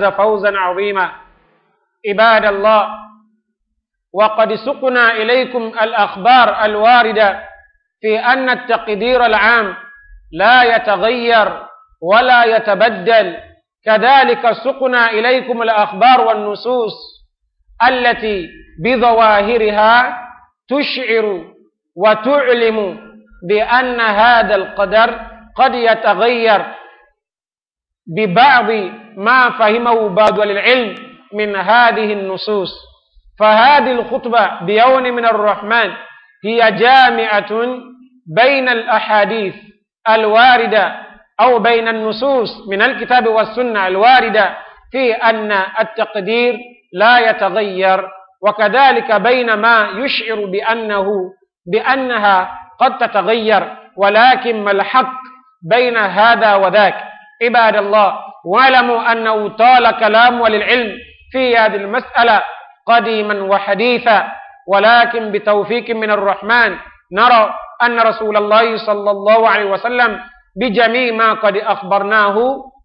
فاز فوزا عظيما عباد الله وقد سقنا إليكم الأخبار الواردة في أن التقدير العام لا يتغير ولا يتبدل كذلك سقنا إليكم الأخبار والنصوص التي بظواهرها تشعر وتعلم بأن هذا القدر قد يتغير ببعض ما فهمه بعض العلم من هذه النصوص فهذه الخطبة بيون من الرحمن هي جامعة بين الأحاديث الواردة أو بين النصوص من الكتاب والسنة الواردة في أن التقدير لا يتغير وكذلك بين ما يشعر بأنه بأنها قد تتغير ولكن ما الحق بين هذا وذاك عباد الله واعلموا أنه طال كلام وللعلم في هذه المسألة قديما وحديثا ولكن بتوفيق من الرحمن نرى أن رسول الله صلى الله عليه وسلم بجميع ما قد أخبرناه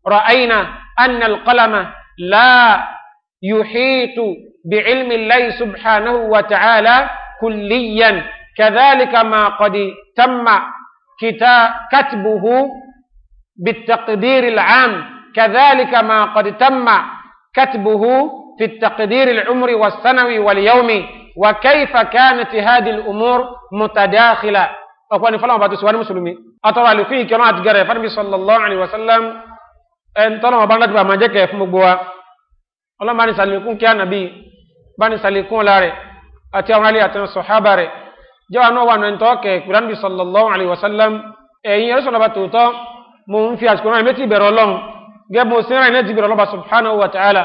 رأينا أن القلم لا يحيط بعلم الله سبحانه وتعالى كليا كذلك ما قد تم كتبه بالتقدير العام كذلك ما قد تم كتبه في التقدير العمري والسنوي واليومي وكيف كانت هذه الأمور متداخلة أخواني فلما بعد سؤال مسلمي أترى لكي كما أتقرأ فرمي صلى الله عليه وسلم أن ما بارك بما جاك يفمقوا الله بني سالكون كيا نبي بني سالكون لاري أتي علي أتنا الصحابة ري جوا نوع أن توقع النبي صلى الله عليه وسلم إيه رسول الله mo ń fi àsìkò náà létí ìbẹ̀rẹ̀ ọlọ́run gẹ́gẹ́ bó sí rìn létí ìbẹ̀rẹ̀ ọlọ́ba subhanahu wa ta'ala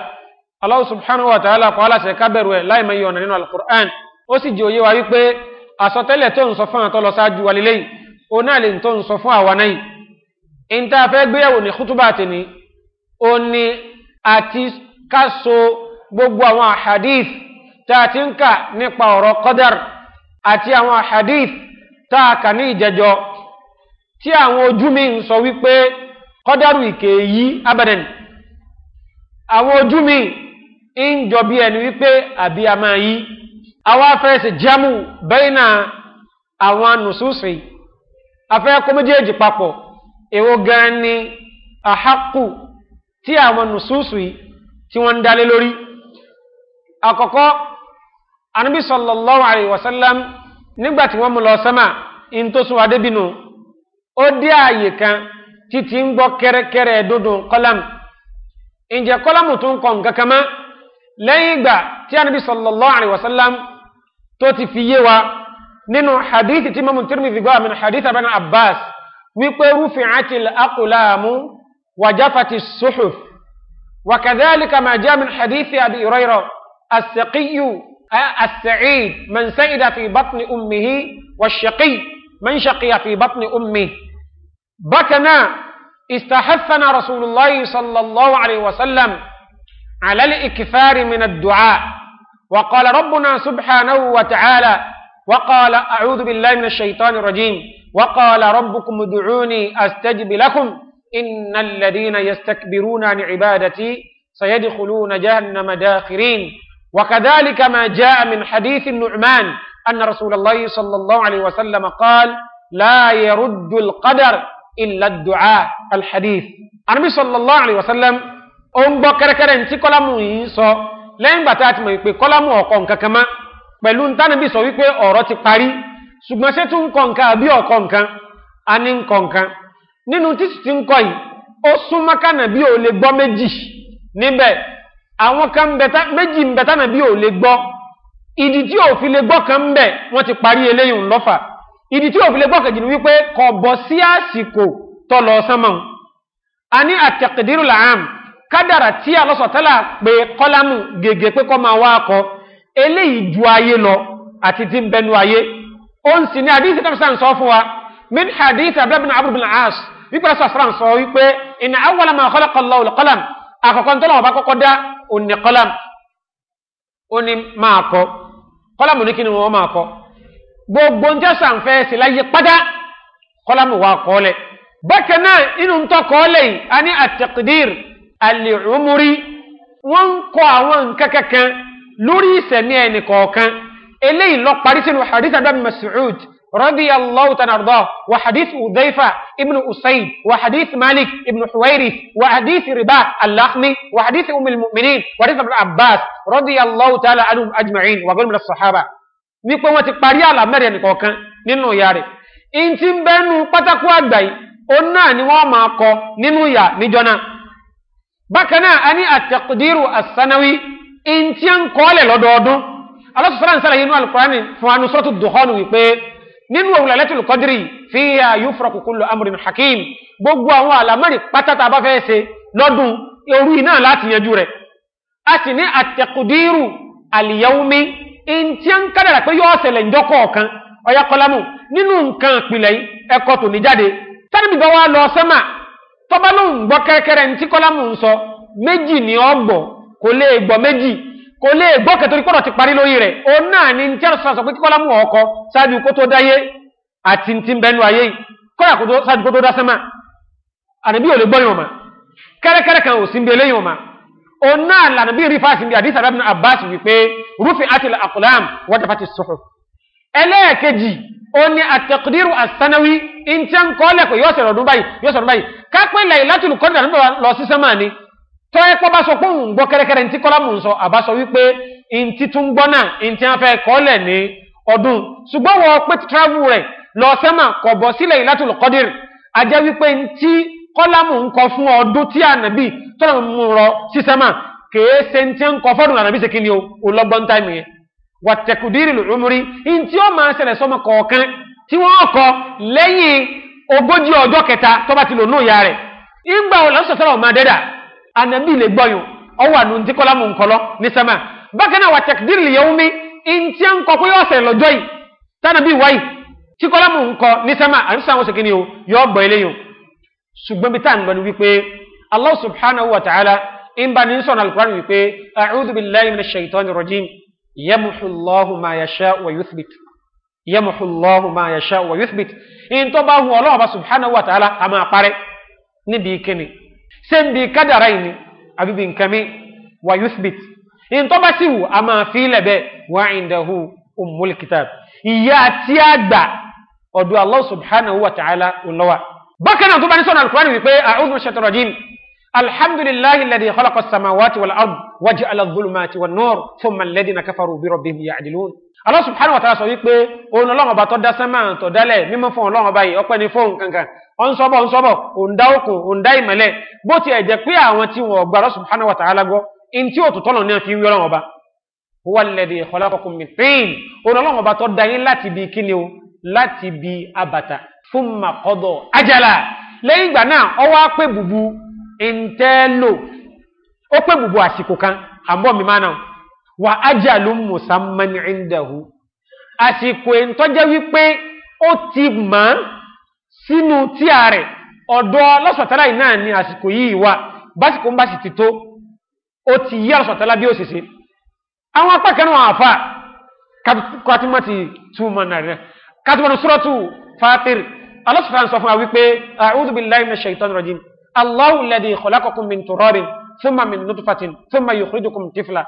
Allah subhanahu wa ta'ala kọ́ aláṣẹ kábẹ̀rù ẹ̀ láì mẹ́yìn ọ̀nà nínú alukur'an ó sì jẹ́ òye wa wípé àsọtẹ́lẹ̀ tó ń sọ fún àtọ́lọ ṣáájú wa lélẹ́yìn ó náà lè tó ń sọ fún àwa náà ń tá fẹ́ gbéyàwó ní kútúbà tèmi ó ní àti ká gbogbo àwọn àhadíf tá a ti ń kà nípa ọ̀rọ̀ kọ́dàr àti àwọn àhadíf tá a kà ní ìjẹjọ́ tí àwọn ojú mi ń sọ wípé kọ́dárù ìkè yí abadan àwọn ojú mi ń jọ bí ẹni wípé àbí a máa yí àwa afẹ́sẹ̀ jámù bẹ́ẹ̀nà àwọn nùsùsì afẹ́ kó méjèèjì papọ̀ èwo gan ni àhákù tí àwọn nùsùsì tí wọ́n ń dalé lórí àkọ́kọ́ anábì alayhi wa sallam nígbà tí wọ́n mú lọ sẹ́mà in adébínú ó dé ààyè kan títí ń gbọ́ kẹ́rẹ́kẹ́rẹ́ dúndùn kọ́lámù ǹjẹ́ kọ́lámù tó ń kọ́ nǹkan kan mọ́ lẹ́yìn ìgbà tí anabi sallallahu alayhi wa sallam tó ti fi yé wa nínú hadithi tí mamu tirmidhi gbọ́ àmì hadith abana abbas wípé rufi'ati al-aqlamu wajafati suhuf وكذلك ما جاء من حديث أبي هريرة السقي السعيد من سعد في بطن أمه والشقي من شقي في بطن أمه بكنا استحثنا رسول الله صلى الله عليه وسلم على الإكثار من الدعاء وقال ربنا سبحانه وتعالى وقال أعوذ بالله من الشيطان الرجيم وقال ربكم ادعوني أستجب لكم إن الذين يستكبرون عن عبادتي سيدخلون جهنم داخرين وكذلك ما جاء من حديث النعمان أن رسول الله صلى الله عليه وسلم قال لا يرد القدر illa ad-du'a al-hadith Ànábì sallallahu alayhi wa sallam ó ń gbọ́ kẹ́rẹ́kẹ́rẹ́ ntí kọ́lámù yìí ń sọ lẹ́yìn gbàtà àti mọ̀ wípé kọ́lámù ọ̀kọ̀ nǹkan kan má pẹ̀lú ntánibí sọ wípé ọ̀rọ̀ ti parí ṣùgbọ́n ṣé tún kọ̀ nǹkan àbí ọ̀kọ̀ nǹkan a ní ń kọ̀ nǹkan nínú títí ti ń kọ́ yìí ó súnmọ́ kánàbí ò lè gbọ́ méjì níbẹ̀ àwọn kan méjì ń bẹ tánàbí ò lè gbọ́ ìdí tí ò lè gbọ́ kan ń bẹ wọ́n ti parí eléyìí ńlọ́fà ìdí tí òfin lè gbọ́kẹ̀jì ni wípé kò bọ́ sí àsìkò tọ́lọ sánmọ̀ a ní àtẹ̀kẹ̀dírù làám kádàrà tí alọ́sọ̀tẹ́là pé kọ́lámù gègé pé kọ́ máa wá akọ eléyìí ju ayé lọ àti ti ń bẹnu ayé ó ń sì ní àdíṣe tó ń sọ fún wa min hadith abdulhamid abu bin as wípé sọ sàn sọ wípé ìnà awwala ma khalaqa Allahu al-qalam àkọ́kọ́ ń tọ́lọ̀ ọba kọ́kọ́ ni wọ́n máa gbogbo njẹ jẹ́sà ń fẹ́ sí láyé pátá kọ́lámù wa kọlẹ bákan náà inú ntọ kọlẹ kọ́ọ́lẹ̀ yìí a ní ali àlèhùnmúrí wọ́n kọ́ àwọn nǹkan kankan lórí ìsẹ̀mí ẹnì kọ̀ọ̀kan eléyìí lọ parí sínú hadith adam mas'ud radiyallahu tanarda wa hadith udhaifa ibnu usaid wa hadith malik ibnu huwairi wa hadith riba al-lakhmi wa hadith umil mu'minin wa hadith ibn abbas radiyallahu ta'ala anhum ajma'in wa bil min as-sahaba wípé wọ́n ti parí àlà mẹ́rin ẹnìkọ̀ọ̀kan nínú ìyá rẹ̀. in ti ń bẹ́nu pátákó àgbà yìí òun náà ni wọ́n máa kọ nínú ìyá níjọ náà. bákan náà a ní àsánáwí in ti ń kọ́lẹ̀ lọ́dọọdún. alásùsọ́lá ń sàlàyé inú alukurani fún anú dùhọ́nù wípé nínú òwúlẹ̀ lẹ́tùlù kọ́dírì fi ya yufraku kullu hakim gbogbo àwọn àlámẹ́rin pátátá bá fẹ́ ṣe lọ́dún orú iná láti yanjú rẹ̀. a sì ní àtẹ̀kùdírù àlìyáwómi in tí ń kádàrà pé yóò ṣẹlẹ̀ ìjọkọ̀ ọ̀kan ọ̀yá kọlámù nínú nǹkan ìpìlẹ̀ ẹ̀kọ́ tó ní jáde tánàbí bá wá lọ sẹ́mà tọ́ba ló ń gbọ́ kẹ́rẹ́kẹ́rẹ́ ní tí kọlámù ń sọ méjì ní ọgbọ̀ kò lè gbọ́ méjì kò lè gbọ́ kọ́dọ̀ ti parí ni sọ ọkọ ṣáájú kó tó dáyé àti ń bẹnu ayé yìí ọ̀nà àlànàbí rífàṣì ní àdísà rábìnà àbáṣì wípé rúfin àti àkùlám wọ́n fàtí sọ̀rọ̀ ẹlẹ́ẹ̀kejì ó ní àtẹ̀kùdírù àsánáwí in tí a ń kọ́lẹ̀ pé yóò sọ̀rọ̀ ọdún báyìí yóò sọ̀rọ̀ báyìí kápẹ́ ilẹ̀ ìlátùlù kọ́ńdà nígbà lọ sí sẹ́mà ni tọ́ ẹ pọ́ bá sọ pé òun gbọ́ kẹ́rẹ́kẹ́rẹ́ ní tí kọ́lá mò ń sọ àbá sọ wípé in ti tún gbọ́ náà in ti a fẹ́ kọ́lẹ̀ ní ọdún ṣùgbọ́n wọ́n pé travel rẹ̀ lọ sẹ́mà kọ̀ bọ̀ sílẹ̀ ìlátùlù kọ́dìrì a jẹ́ wípé in ti kọ́lámù ń kọ fún ọdún tí ànàbí tọ́lọ̀ mú rọ sísẹ́mà kèése tí ń kọ fọ́dún ànàbí ṣe kí ni o lọ́gbọ́n táìmù yẹn wà tẹ̀kùdírì lùmúrí in tí ó máa ṣẹlẹ̀ sọmọ kọ̀ọ̀kan tí wọ́n kọ lẹ́yìn ogójì ọjọ́ kẹta tó bá ti lò nù ya rẹ̀ ìgbà wọn lọ́sọ̀ sọ̀rọ̀ máa dẹ́dà ànàbí lè gbọ́yùn ọwọ́ ànú tí kọ́lámù ń kọlọ́ ní sẹ́mà bákan náà wà tẹ̀kùdírì lìyẹ̀wùmí in ṣùgbọ́n bí táà ń lọ ni wípé allah subhanahu wa ta'ala in bá ní sọ̀rọ̀ alukurani wípé a'udhu billahi minash shaitani rajim yamuhu allahu ma yasha wa yuthbit yamuhu allahu ma yasha wa yuthbit in tó bá hu ọlọ́wọ́ bá subhanahu wa ta'ala a máa parẹ́ níbi kíni ṣé ń bi kádàrá yìí ni àbí bí nǹkan mi wa in tó bá sì wù a máa fi ilẹ̀ bẹ́ẹ̀ wa indahu ummul ìyá àti àgbà ọ̀dọ̀ allah subhanahu wa ta'ala ọlọ́wà bákan náà tó bá ní sọ́nà alukùránì wípé a'udhu shaitan rajim alhamdulillahi alladhi khalaqa as-samawati wal ard waja'ala adh-dhulumati wan nur thumma alladhina kafaru bi rabbihim ya'dilun Allah subhanahu wa ta'ala sọ wípé òun ọlọ́run tó dá sánmà tó dálẹ̀ mímọ́ fún ọlọ́run yìí ọpẹ́ ní fóun kankan ọ̀n sọ́bọ̀ ọ̀n sọ́bọ̀ òun dá òkun òun dá ìmọ̀lẹ̀ bó ti ẹ̀ pé àwọn tí wọ́n gba Allah subhanahu wa ta'ala gbọ́ in tí ó tó dá fún màkọ́dọ̀ ajala lẹ́yìn ìgbà náà ọwọ́ á pé bùbù ìǹtẹ́lò ó pé bùbù àsìkò kan àbọ̀ mi máa nà wà ajalu musamman indahu àsìkò ìǹtọ́jẹ́ wípé ó ti mọ̀ sínú tíà rẹ̀ ọ̀dọ́ lọ́sọ̀tàlá yìí náà ni àsìkò yìí wà básìkò ń bá sì ti tó ó ti yí àlọ́sọ̀tàlá bí ó sì ṣe àwọn apá kan náà àfà kátìmọ́ túmọ̀ náà rẹ̀ sọ́rọ́tù fàtírì Allah subhanahu sọ fún wa wípé a'udhu billahi minash shaitanir rajim Allahu alladhi khalaqakum min turabin thumma min nutfatin thumma yukhrijukum tifla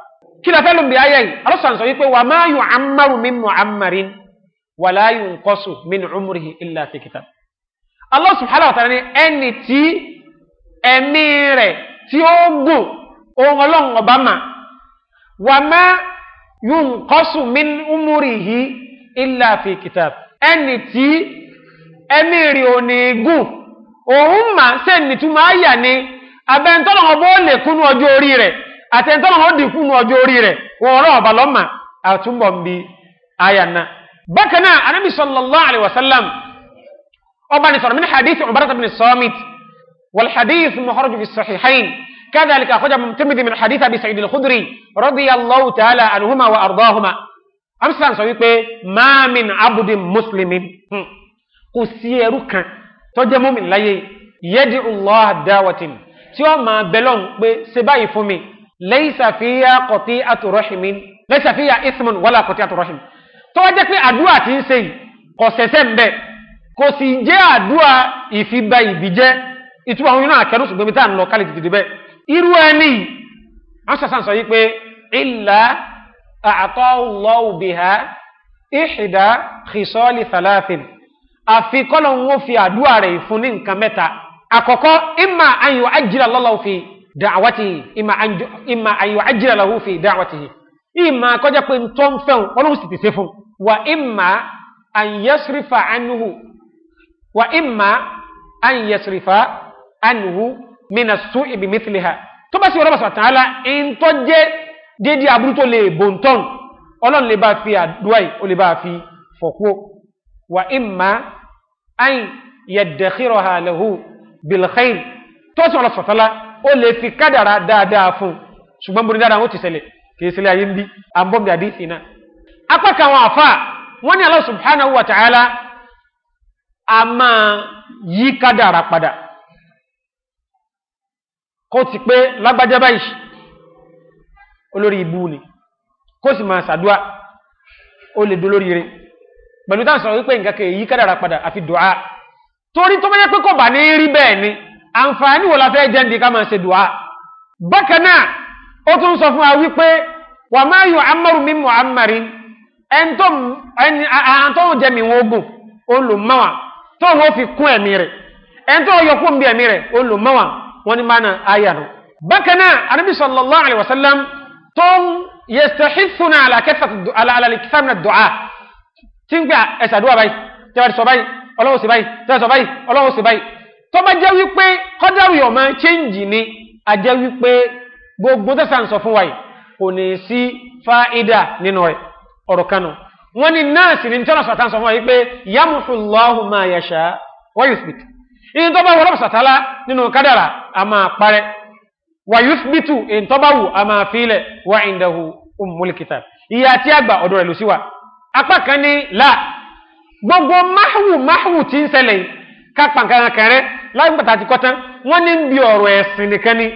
kí la fẹ́ lóun bí ayé yìí Allah subhanahu sọ wípé wa ma yu'ammaru min mu'ammarin wa la yunqasu min umrihi illa fi kitab Allah subhanahu wa ta'ala ni ẹni tí ẹ̀mí rẹ̀ tí ó ẹ̀mí rí ò ní gùn òun mà ṣe nìtumọ̀ àyà ni abẹ́ntọ́nà ọbọ̀ lè kúnú ọjọ́ orí rẹ̀ àtẹ̀ntọ́nà ó dì kúnú ọjọ́ orí rẹ̀ wọ́n rọ̀ ọ̀bà lọ́mà àtúbọ̀ ń bi àyà náà. bákan náà anábì sallallahu alayhi ọba ní sọ̀rọ̀ min hadith Ubadah bin Samit wal hadith mukhrajan fi sahihayn كذلك أخرج الترمذي من حديث أبي سعيد الخدري رضي الله تعالى عنهما وأرضاهما أمسان سويت ما من عبد مسلم kò sí ẹrú kan tó jẹ́ mọ́mìn láyé yẹ́dì Allah dáwàtìn tí ó máa bẹ̀lọ́n pé ṣe báyìí fún mi laysa fiya qati'atu rahimin laysa fiya ismun wala qati'atu rahim tó wá jẹ́ pé àdúrà ti ń ṣe yìí kò ṣẹ̀ṣẹ̀ ń bẹ kò sì jẹ́ àdúrà ìfibà ìbí jẹ́ ìtura àwọn yóò kẹrù ṣùgbọ́n mi tá à ń lọ kálí tètè bẹ́ẹ̀ irú ẹni àwọn ṣàṣàn sọ yìí pé illa a'tahu Allahu biha ihda khisali thalathin àfi kọ́lọ̀ ń wó fi àdúrà rẹ̀ fún ní nǹkan mẹ́ta àkọ́kọ́ ìmà ayò ajíra lọ́lọ́ fi dàwátì ìmà ayò ajíra lọ́wọ́ fi dàwátì ìmà kọjá pé tó ń fẹ́ ọlọ́run sì ti ṣe fún wa ìmà àyẹsìrìfà ànuhu wa ìmà àyẹsìrìfà ànuhu mina sún ibi mithliha tó bá sì wọ́n lọ́wọ́ sọ̀tàn ala ìntọ́ jẹ́ dédé aburú tó lè bòǹtọ́n ọlọ́run lè bá fi àdúrà yìí ó lè bá fi fọ̀kú wa ìmà an yaddakhiraha lahu bil khair tó sì ọlọ́sọ̀ tọ́lá ó lè fi kádàrá dáadáa fún ṣùgbọ́n borí dáadáa wọ́n ti ṣẹlẹ̀ kì í ṣẹlẹ̀ ayé ń bí àbọ̀bì àdìsí náà. apá kan àwọn àfa wọn ní Allah subhanahu wa ta'ala a máa yí kádàrá padà ti pé lágbájá báyìí olórí ibú ni kó sì máa ṣàdúà ó lè dolórí rẹ̀ pẹ̀lú táwọn sọ̀rọ̀ wípé nǹkan kèèyí kádàrà padà àfi dùá torí tó bẹ́yẹ pé kò bà ní rí bẹ́ẹ̀ ni àǹfààní wò la fẹ́ jẹ́ ndí ká máa ṣe dùá bákan náà ó tún sọ fún wa wípé wà máa yọ amaru mi mọ̀ amari ẹni tó ń jẹ mi wọ́n gùn olùmọ́wà tó wọ́n fi kún ẹ̀mí rẹ̀ ẹni tó yọ kún bí ẹ̀mí rẹ̀ olùmọ́wà wọ́n ní máa na ayà nù. bákan náà arábí sallallahu alayhi wa sallam tó ń yẹ sẹ́hìfúnà alàkẹ́fà tí ń a ẹ̀sàdúrà báyìí tẹ́wàá sọ báyìí ọlọ́wọ́ sí báyìí sọ báyìí ọlọ́wọ́ sí báyìí tó bá jẹ́ wípé kọ́dàrú ọmọ chẹ́ǹjì ni a jẹ́ wípé gbogbo tẹ́sà ń sọ fún wa yìí kò ní sí fáídà nínú rẹ̀ ọ̀rọ̀ kanu wọ́n ní nọ́ọ̀sì ní tẹ́lá sọ̀tà sọ fún wa ma ya tó bá nínú kádàrà a máa parẹ́ apá kan ní là gbogbo mahu-mahu ti n ṣẹlẹ̀ yìí kápá kankanrẹ́ láì pàtàkì àti kọ́tán wọ́n ní bí ọ̀rọ̀ nìkan ni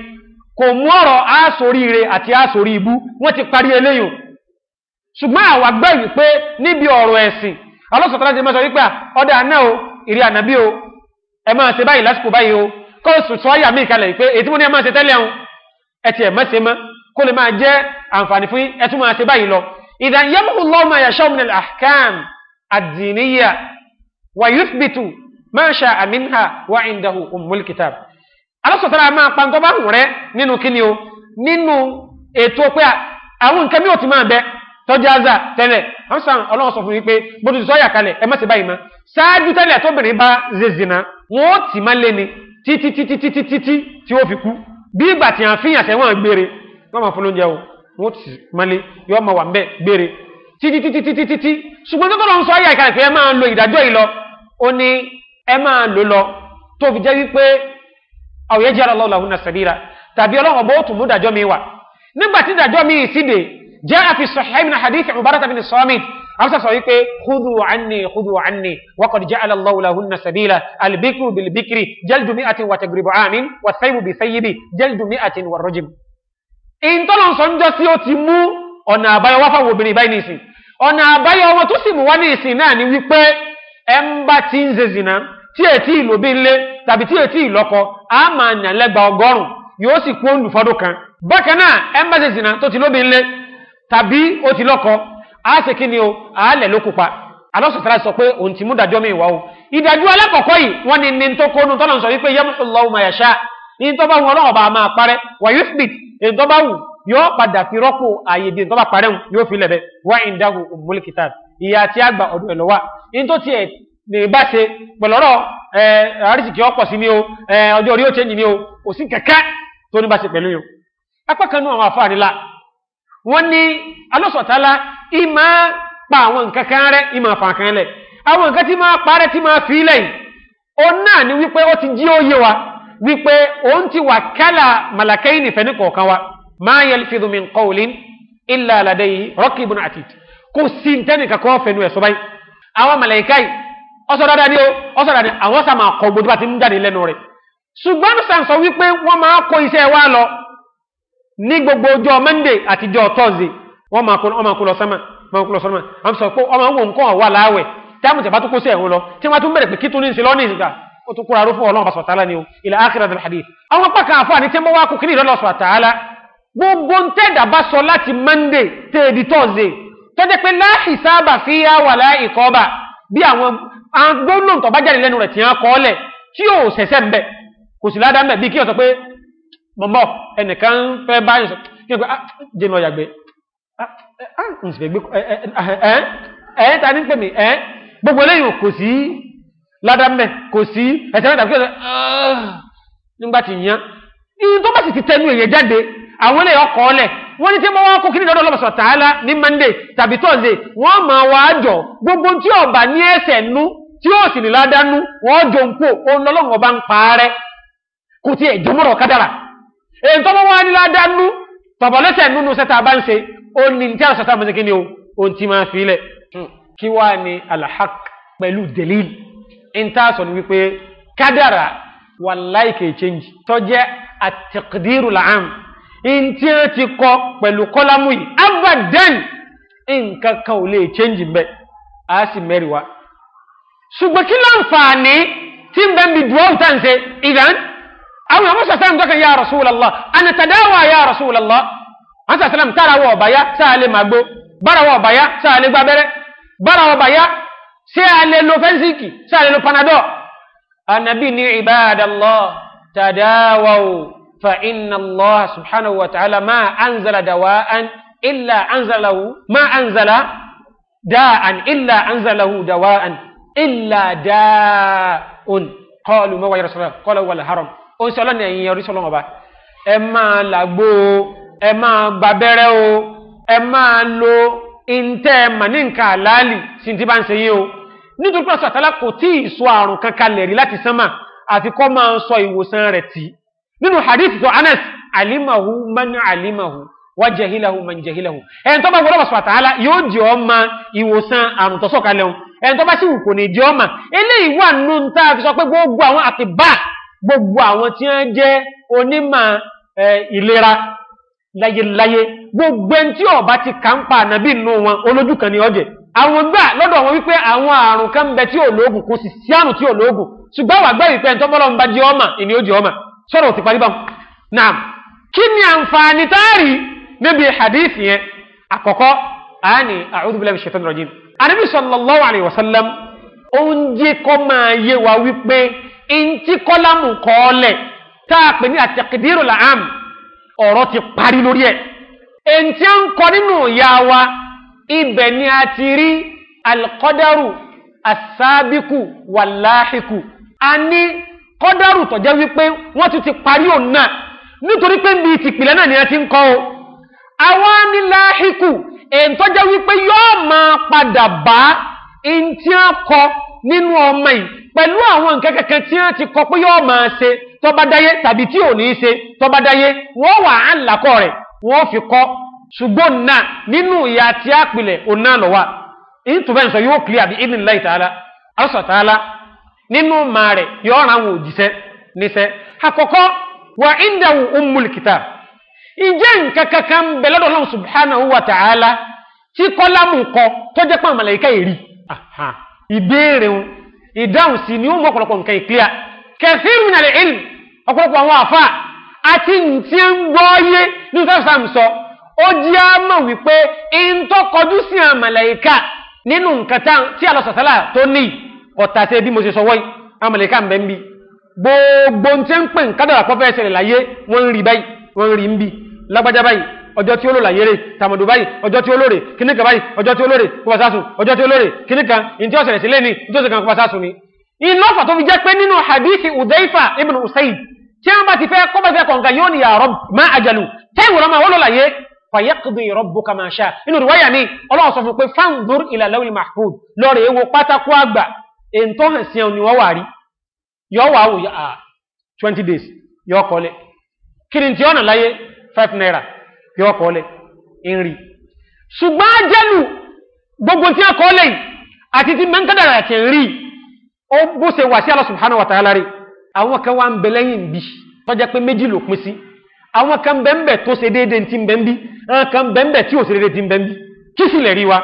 kò mú ọ̀rọ̀ aṣoríire àti aṣorí ibú wọ́n ti parí eléyìí ṣùgbọ́n àwa gbọ́ yìí pé níbi ọ̀rọ̀ ẹ̀sìn alọ́sọ̀tàlá ti máa sọ wípé ọdẹ àná o ìrì ànábí o ẹ máa ṣe báyìí lásìkò o kó o sùn sọ àyà mí ìkalẹ̀ yìí pé èyí tí mo ní ẹ máa ṣe ẹ ṣe kó lè إذا يمحو الله ما يشاء من الأحكام الدينية ويثبت ما شاء منها وعنده أم الكتاب Allah sọ̀tara máa pa nǹkan bá hùn rẹ nínú kíni o nínú ètò pé àwọn nǹkan mi ò ti máa bẹ tọ́jú àzà tẹ́lẹ̀ àwọn sàn ọlọ́run sọ fún mi pé bó ti sọ́yà kalẹ̀ ẹ má ṣe báyìí mọ́ ṣáájú tẹ́lẹ̀ tóbìnrin bá zèzìnà wọn ó tì má lé ni títí títí títí títí tí ó fi kú bí ìgbà tí à ń fìyàn sẹ́wọ̀n gbére wọ́n máa fún lóúnjẹ o wọ́n ti mọ́lé yọ́ ma wà ń bẹ́ gbére títítítítítítí ṣùgbọ́n tó tọ́lọ́ ń sọ ayé àìkàlẹ̀ pé ẹ máa lo ìdájọ́ yìí lọ ó ní ẹ máa lò lọ tó fi jẹ́ wípé àwòyẹ jẹ́ ara lọ́la òhunà sàbíra tàbí ọlọ́run bó tún mú ìdájọ́ mi wà nígbà tí ìdájọ́ mi ìsídè jẹ́ àfi sọ̀hẹ́mì náà hadith ìbára tàbí ní sọ́mìt àwùsà sọ wípé khudu anni khudu anni waqad ja'ala Allahu lahunna sabila albikru bilbikri jaldu mi'atin wa tagribu amin wa thayyibu bi thayyibi jaldu mi'atin wa ìntọ́nà sọ́njọ́ tí ó ti mú ọ̀nà àbáyọ wá fáwọn obìnrin báyìí nìsín ọ̀nà àbáyọ wọn tó sì mú wá ní náà ni wípé ẹ ń bá ti ń ṣe zìnà tí ètí ìlòbí tàbí tí ètí ìlọ́kọ á máa yàn lẹ́gba ọgọ́rùn yóò sì kú kan bákan náà ẹ ń bá ti lóbi tàbí ó ti á ṣe kí ni o ló sọ pé òun ti mú mi wá o e yóò padà fi rọ́pò ààyè bí ìdọ́bà parẹ́hùn yóò fi lẹ̀bẹ̀ wá ìdáhù ummul kitab ìyá àti àgbà ọdún ẹ̀ lọ́wà ní tó tiẹ̀ lè bá ṣe pẹ̀lọ́rọ̀ àríṣìkì ọ̀pọ̀ sí mi o ọjọ́ orí ó ṣe mi o kò sí kẹ̀kẹ́ tó ní bá ṣe pẹ̀lú yìí apá kan nú àwọn àfáà nílá wọ́n ní alọ́sọ̀tálá ìmọ̀ pa àwọn nǹkan kan rẹ̀ ìmọ̀ wípé òun ti wà kálà màlàkẹ́yìn nìfẹ́ ní kọ̀ọ̀kan wa máa yalfidhu min qawlin illa ladayhi raqibun atid kò sí ntẹ́nì kankan fẹ́nu ẹ̀ sọ́báyì àwọn màlàkà yìí ọ̀sọ̀ dáadáa ni ó ọsọ dáadáa ni àwọn sà máa kọ gbogbo àti ń jáde lẹ́nu rẹ̀ ṣùgbọ́n sàǹsọ̀ wípé wọ́n máa iṣẹ́ wa gbogbo ọjọ́ Monday àti ọjọ́ Thursday wọ́n máa kó lọ sánmà máa lọ ó tún kúra rúfọ́ ọlọ́run bàṣọ tààlà ni o ilẹ̀ akérè àdàlẹ̀ hadith àwọn apá kan àfáà ní tí wọ́n wá kó kiri ìrọ́lọ́sọ àtàlà gbogbo ń tẹ́ dàbá sọ láti monday tẹ́ẹ̀dì thursday tó jẹ́ pé láì sábà fi yá wà láì kọ́ba bí àwọn agbóhùn tó bá jáde lẹ́nu rẹ̀ tí wọ́n kọ́ lẹ̀ tí yóò ṣẹ̀ṣẹ̀ ń bẹ̀ kò sì ládàá ń bẹ̀ bí kí ọ̀sọ̀ pé mọ̀mọ́ ẹnìkan fẹ́ báyìí sọ kí ọ̀sọ̀ ah, jẹ́ lọ yàgbẹ́ ẹ̀ ẹ̀ ta ní pèmí ẹ̀ eh, gbogbo eléyìí kò sí ládàmẹ kò sí ẹsẹ náà tàbí kí ọsẹ ah, nígbà tí yan ìyẹn tó bá sì ti tẹnu èèyàn jáde àwọn ilé ọkọ ọlẹ wọn ní tí wọn wá kó kí ní lọ́dọ̀ lọbọsọ tààlà ní Monday tàbí Thursday wọn máa wá jọ gbogbo tí ọba ní ẹsẹ nú tí ó sì ní ládánú wọn jọ ń kó òun lọlọrun ọba ń parẹ kò tí ẹ jọmọrọ kádàrà èyí tó wọn wá ní ládánú tọbọlẹsẹ nínú sẹta bá ń ṣe ó ní tí àlọ sọta mọ sí kí ni o ohun tí máa fi lẹ hmm. kí wàá ní alahak pẹ̀lú delil intaasọ̀ ni wípé kádàrà wàláì kè change tọ́jẹ́ àtẹ̀kìdírù làám ntí a ti kọ pẹ̀lú kọ́lámù yìí abadan nǹkan kan ò lè change mbẹ́ a sì mẹ́rin wa. ṣùgbọ́n kí láǹfààní tí ń bẹ́ẹ̀ bí dùwọ́ òtá ń ṣe ìdán àwọn ọmọ sàṣà ń dọ́kàn ya Rasulullah ànàtàdáwà ya Rasulullah wọn sàṣà ń tàràwọ̀ ọ̀bàyá sáà lè màgbó bárawọ̀ ọ̀bàyá sáà lè gbàbẹ́rẹ́ bárawọ̀ ọ̀bàyá ṣé a lè lo fẹ́ńsìkì ṣé a lè lo panadol anabi ní ibadallah tadawaw fa inna allah subhanahu wa ta'ala ma anzala dawa'an illa anzalahu ma anzala da'an illa anzalahu dawa'an illa da'un qalu ma wa ya rasulullah qala wal haram ó ń sọ lọ́nà ẹ̀yìn orí sọlọ́wọ́n ọba ẹ máa làgbó o ẹ máa gbàbẹ́rẹ́ o ẹ máa lo intẹ́ mọ̀ ní nǹkan àlàálì sí ti bá ń ṣe yé o nítorí pẹ́sọ̀ àtàlá kò tí ì sọ àrùn kankan lẹ̀rí láti sánmà àti kọ́ máa ń sọ ìwòsàn rẹ̀ tí nínú hadith tó anas alimahu man alimahu wa jahilahu man jahilahu ẹni tó bá gbọ́dọ̀ bá sọ àtàlá yóò jẹ́ ọ ma ìwòsàn àrùn tó sọ̀kalẹ̀ wọn ẹni tó bá sì wù kò ní jẹ́ ọ ma eléyìí wà nù ń tá a fi sọ pé gbogbo àwọn àtibá gbogbo àwọn tí wọ́n jẹ́ onímọ̀ ìlera láyéláyé gbogbo ẹni tí ó ti kà ń pa ànàbí nù wọn olójú kan ni ọjẹ́ àwọn gbà lọ́dọ̀ wọn wípé àwọn àrùn kan bẹ tí ò lóògùn kò sì sí àrùn tí ò lóògùn ṣùgbọ́n wà gbẹ́ ìpẹ́ tó bọ́lọ́ ń bá di ọmọ ìní ó di ọmọ sọ̀rọ̀ ti parí báwọn. náà kí ni àǹfààní táàrí níbi hadith yẹn àkọ́kọ́ àání a'udhu billahi minash shaitanir rajim. ànábì sallallahu alayhi wa sallam ó kọ́ máa yé wa wípé ntí kọ́lámù kọ́ọ́lẹ̀ ibẹ̀ ni a ti rí alkọ́dárù asábíkù wàláhìkù a ní kọ́dárù tọ̀jẹ́ wípé wọ́n tún ti parí òun náà nítorí pé bí ìtìpìlẹ̀ náà ni a ti ń kọ́ o àwọn ní láhìkù èyí tọ́jẹ́ wípé yóò máa padà bá in tí a kọ nínú ọmọ yìí pẹ̀lú àwọn nǹkan kankan tí a ti kọ pé yóò máa ṣe tọ́ba dáyé tàbí tí ò ní í ṣe tọ́ba dáyé wọ́n wà á làkọ́ rẹ̀ wọ́n fi kọ́ ṣùgbọ́n náà nínú ìyá tí a pilẹ̀ òun náà lọ́wọ́ ìtùbẹ̀ ń sọ yóò kílí àbí ìdí láì tààlà àrùsọ̀ tààlà nínú màá rẹ̀ yọ ọ̀ràn àwọn òjíṣẹ́ níṣẹ́ àkọ́kọ́ wà ìdáwó ummul kitab ìjẹ́ nǹkan kankan ń bẹ lọ́dọ̀ Ọlọ́run subhanahu wa ta'ala tí kọ́lámù kọ tó jẹ́ pọ́n màláìka èrí ìbéèrè wọn ìdáhùn sí ni ó mú ọ̀pọ̀lọpọ̀ nǹkan ìkíyà kẹfìrù nàlẹ́ ìlú ọ̀pọ̀lọpọ̀ àwọn àfà àti ntí ń ó jẹ́ àmọ̀ wípé in tó kọjú sí àwọn màláíkà nínú nǹkan tí alọ́sọ̀tálà tó ní ọ̀tà tẹ́ bí mo ṣe sọ wọ́n àwọn màláíkà ń bẹ ń bí gbogbo ń tẹ́ ń pè ń kádàrà pọ́fẹ́ ṣẹlẹ̀ láyé wọ́n ń rí báyìí wọ́n ń rí ń bí lágbájá báyìí ọjọ́ tí ó lò láyé rè tàmọ̀dù báyìí ọjọ́ tí ó lòrè kíníkà báyìí ọjọ́ tí ó lòrè kúbasásùn ọjọ́ tí ó lòrè kíníkà ìntí ọ̀sẹ̀rẹ̀ sílẹ̀ ni ìtòsí kan kúbasásùn ni. iná fà tó fi jẹ́ pé nínú hadithi udaifa ibn usaid tí wọ́n bá ti fẹ́ kọ́bẹ̀fẹ́ kọ̀ǹga yóò ní ya Rabb má àjàlù tẹ́wùrọ̀ máa wọ́n lò láyé fàyẹ́kùdì rabbuka ma sha inú ìwáyà mi ọlọ́run sọ fún pé fandur ila lawil mahfud lọ́rọ̀ èwo pátákó àgbà èntọ́ hàn sí ẹni wọ́n ah, days yọ kọ́lẹ̀ kiri tí ọ̀nà láyé five naira yọ kọ́lẹ̀ ń rí ṣùgbọ́n ajẹ́lu gbogbo tí a kọ́lẹ̀ yìí àti ti mẹ́ńkádàrà àti ń rí ó bó ṣe wà sí Allah subhanahu pé méjì ló pín sí àwọn kan bẹ́ẹ̀mbẹ̀ tó ṣe déédé tí ń bẹ́ẹ̀mbí àwọn kan bẹ́ẹ̀mbẹ̀ tí ò ṣe déédé tí ń bẹ́ẹ̀mbí kí sì lè rí wa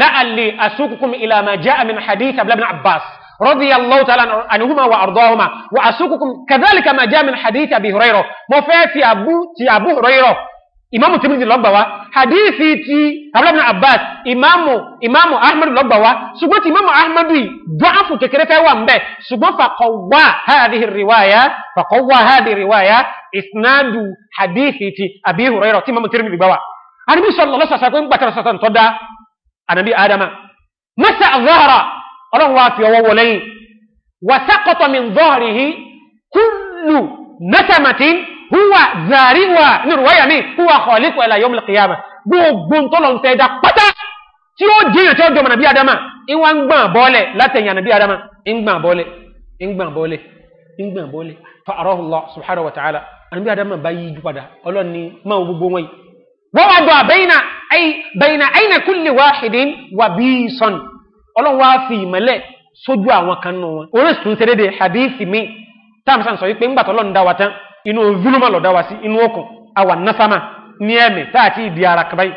láàlè àsúkùkùn ìlànà jẹ́ àmìn hadith abúlábìn abbas radiyallahu ta'ala anihuma wa ardahuma wa àsúkùkùn kadhalika ma jẹ́ àmìn hadith abi hurairah mo fẹ́ ti abu ti abu hurairah imamu tirmidhi abbas imamu imamu ahmadu lọ́gbà wa ṣùgbọ́n ti imamu ahmadu yìí dọ́àfù kékeré fẹ́ wà ń bẹ̀ ṣùgbọ́n faqawwa ìsinádù hadithi ti àbí ìhùrẹ́rọ̀ tí mọ́mú tẹ́rẹ́mì gbáwà anabi sọ̀rọ̀ lọ́sọ̀ sàkó ń gbàtàrà sọ̀tàn tó dá anabi adama mẹ́sà zọ́hara ọlọ́run wa fi ọwọ́ wọlẹ́yìn wà sákọ̀tọ̀ mi zọ́hari hi kúlù nẹ́sàmàtì huwa zari wa ní ruwaya mi huwa khaliqu ila yawm al-qiyama gbogbo ntọ́lọ̀ ń fẹ́ da pátá tí ó jẹyàn tí fa arahu Allah subhanahu wa ta'ala àníbí àdámà bá yí ju padà ọlọ́run ni máa gbogbo wọn yìí. wọ́n wá dọ̀ bayna ay bayna ayna kulli wahidin wà bíi sọ̀n ọlọ́run wá fi ìmọ̀lẹ̀ sójú àwọn kan nù wọn. orísun ṣe déédéé hadith mi táàmù sàn sọ wípé ńgbà tọ́lọ́run dá wa tán inú zuluma lọ dá wa sí inú okùn àwa nasama ní ẹ̀mí táàtì ìdí ara kabayi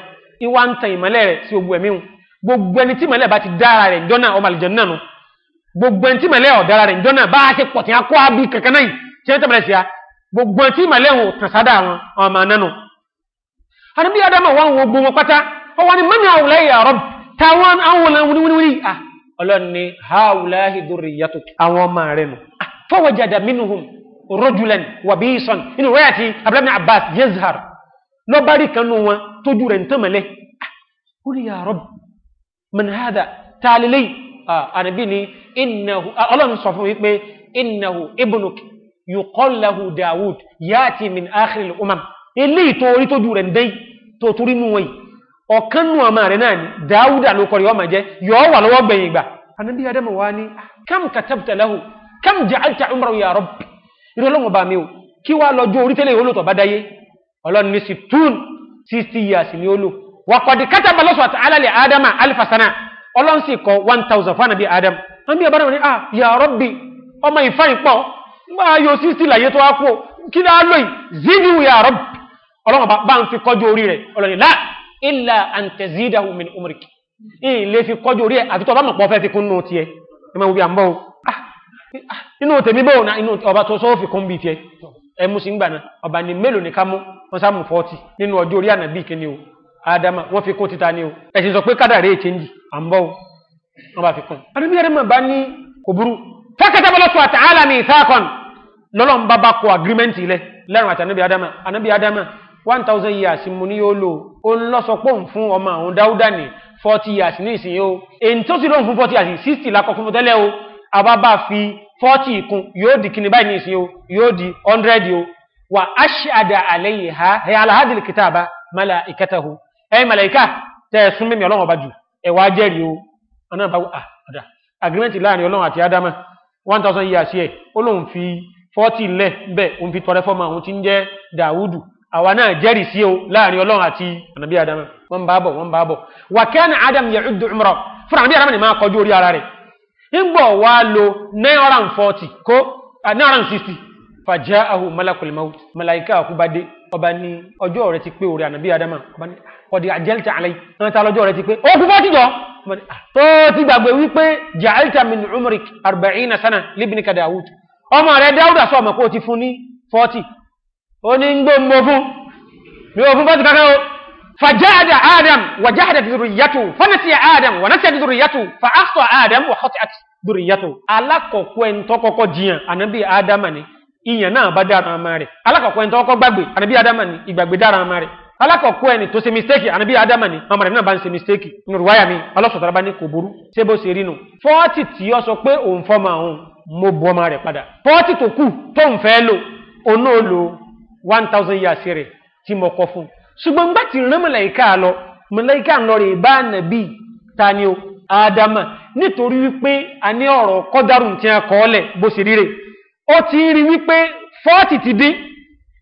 ìwà ń tan ìmọ̀lẹ̀ rẹ̀ sí ogun ẹ̀mí gbogbo ẹni tí ìmọ̀lẹ̀ bá ti dára rẹ̀ jọ́nà ọmọ àlùjànnà nù gbogbo ẹni tí ìmọ̀lẹ̀ ọ̀dára rẹ̀ jọ́nà bá a ṣe pọ̀ tí a kó abi kankan náà yìí tí wọ́n tẹ̀bẹ̀rẹ̀ sí a gbogbo tí ìmọ̀lẹ́ wọn tàn sádà wọn ọmọ nánu. àdébí adamu wọn wo gbogbo pátá ọwọ́ ni mẹ́ni àwùlá yìí àrọ́ táwọn àwọn wíwíwí à ọlọ́ni hàwùlá yìí dórí yàtọ̀ àwọn ọmọ rẹ̀ nù. Ah, fọwọ́jàdà minhum rojulan wabiisan inú rẹ̀ àti abdulhamid abbas yezhar lọ́bàrí kanú wọn tójú rẹ̀ ntẹ́mọ̀lẹ́ kúrì yà rọ́b mẹ́nhádà tààlélẹ́yìn يقال له داود ياتي من آخر الأمم اللي توري تجور دي توري نوي ọ̀kan nù ọmọ rẹ̀ náà ni dáúdà ló kọ̀rọ̀ ọmọ jẹ́ yọ́ wà lọ́wọ́ gbẹ̀yìn ìgbà anábí adamu wa ni kam katabta lahu kam ja'alta umrahu ya rabbi irú ọlọ́run bá mi o kí wàá lọ́jọ́ orí tẹ́lẹ̀ olóòtọ̀ bá dáyé ọlọ́run ní situn sixty years ni ó lò wàkọ̀dì kátàbà lọ́sọ̀ àti alálẹ̀ adama alifasana ọlọ́run sì kọ one thousand fún anabi adam anábí abára ni ah ya rabbi ọmọ ìfáyín pọ̀ máa yóò sí sí láyé tó wá kú kí ni a lò yìí zidiwu ya rab ọlọ́run bá bá ń fi kọjú orí rẹ̀ ọlọ́run la illa an tazidahu min umrik ìyìn lè fi kọjú orí ẹ̀ àfi tó ọba mọ̀ pọ̀ fẹ́ fi kún nù tiẹ̀ ẹ máa wo bí a ń bọ̀ o ah, ah, inú tèmi na inú ọba tó sọ́ọ́ fi kún bí tiẹ̀ ẹ mú sí ń gbà náà ọba ní mélòó ní ká mú wọn sá mú fọ́ọ̀tì nínú ọjọ́ orí ànàbí o adama wọn fi kún títa ni o ẹ sì sọ pé kádàrí ẹ̀ chẹ́ńjì à ń bọ̀ o wọn bá fi kún. àdúgbò yẹn mọ̀ bá ní kò burú. fákàtà bọ́lá tó àtàlà ní ìsáàkọ́nù lọ́lọ́n bá bá kọ agreement ilẹ̀ lẹ́rùn àti anabi adama anabi adama one thousand years mo ní yóò lò ó ń lọ́sọpọ̀ fún ọmọ àwọn dáúdà ní forty years ní ìsìn yìí o èyí tó sì lóhùn fún forty years sixty lakọ fún tẹ́lẹ̀ o àbábà fi forty kún yóò di kíni báyìí ní ìsìn yìí o yóò di hundred o wà á ṣe àdà àlẹ́ yìí ha ẹ̀ alahadil kìtàbà mala ìkẹtàhu ẹ̀ màláìka tẹ́ ẹ sún mímí ọlọ́run ọba jù ẹ̀ wá jẹ́rìí o ọ̀nà àbáwọ̀ ah ọ̀dà agreement láàrin ọlọ́run àti adama one thousand years yẹ ó lóun fi fọ́tì lẹ̀ bẹ́ẹ̀ òun fi tọrẹ fọ́mọ àwọn tí ń jẹ́ dàwúdù àwa náà jẹ́rìí sí o láàrin ọlọ́run àti ànàbí adama wọ́n bá bọ̀ wọ́n bá bọ̀ wà kẹ́ni adam yẹ ọdún umrọ fún ànàbí adama ni máa kọjú orí ara rẹ̀ ńgbọ̀ wá lo nine hundred and forty kó nine hundred and sixty fàjá ahu malakul maut malaika akubade ọba ní ọjọ́ rẹ ti pé orí ànàbí adama ọba ní ọdí àjẹlítà àlẹ́ ọ̀nà ta lọ́jọ́ rẹ ti pé ó kú fọ́tì jọ ah, tó ti gbàgbé wípé jàálítà min umri arba'ina sana libinika dawud ọmọ rẹ̀ dáúdà sọ ọmọ kó ti fún ní 40 ó ní ń gbó mọ́ fún ní òfin 40 kankan o fàjáàdà adam wàjáàdà dùrìyàtù fánàtì adam wànàtì dùrìyàtù fàásọ adam wà hot at dùrìyàtù alákọ̀ọ́kọ́ ẹni jiyàn ànábì adam ni ìyàn náà bá dára ọmọ rẹ̀ alákọ̀ọ́kọ́ ẹni tó kọ́kọ́ gbàgbé ànábì adam ni ìgbàgbé dára ọmọ rẹ̀ alákọ̀ọ́kọ́ ẹni tó ṣe mistake ànábì adam ni ọmọ rẹ̀ náà bá ń ṣe mistake nùrùwáyà mi ọlọ́sọ̀tàrà bá ní kò burú ṣé bó ṣe rí nu fọ́ọ̀tì tí ó sọ pé òun fọ́ máa mo bu ọmọ rẹ̀ padà pọ́ọ̀tì tó kù tó ń fẹ́ lò oná lo one thousand years rẹ̀ tí mo kọ́ fún un ṣùgbọ́n nígbà tí rán mọ̀lẹ́kà lọ mọ̀lẹ́kà ń lọ rè bá nàbí ta ni o ádámà nítorí wípé a ní ọ̀rọ̀ kọ́dárù tí a kọ́ lẹ̀ bó ṣe ríre ó ti ń rí wípé fọ́ọ̀tì ti dín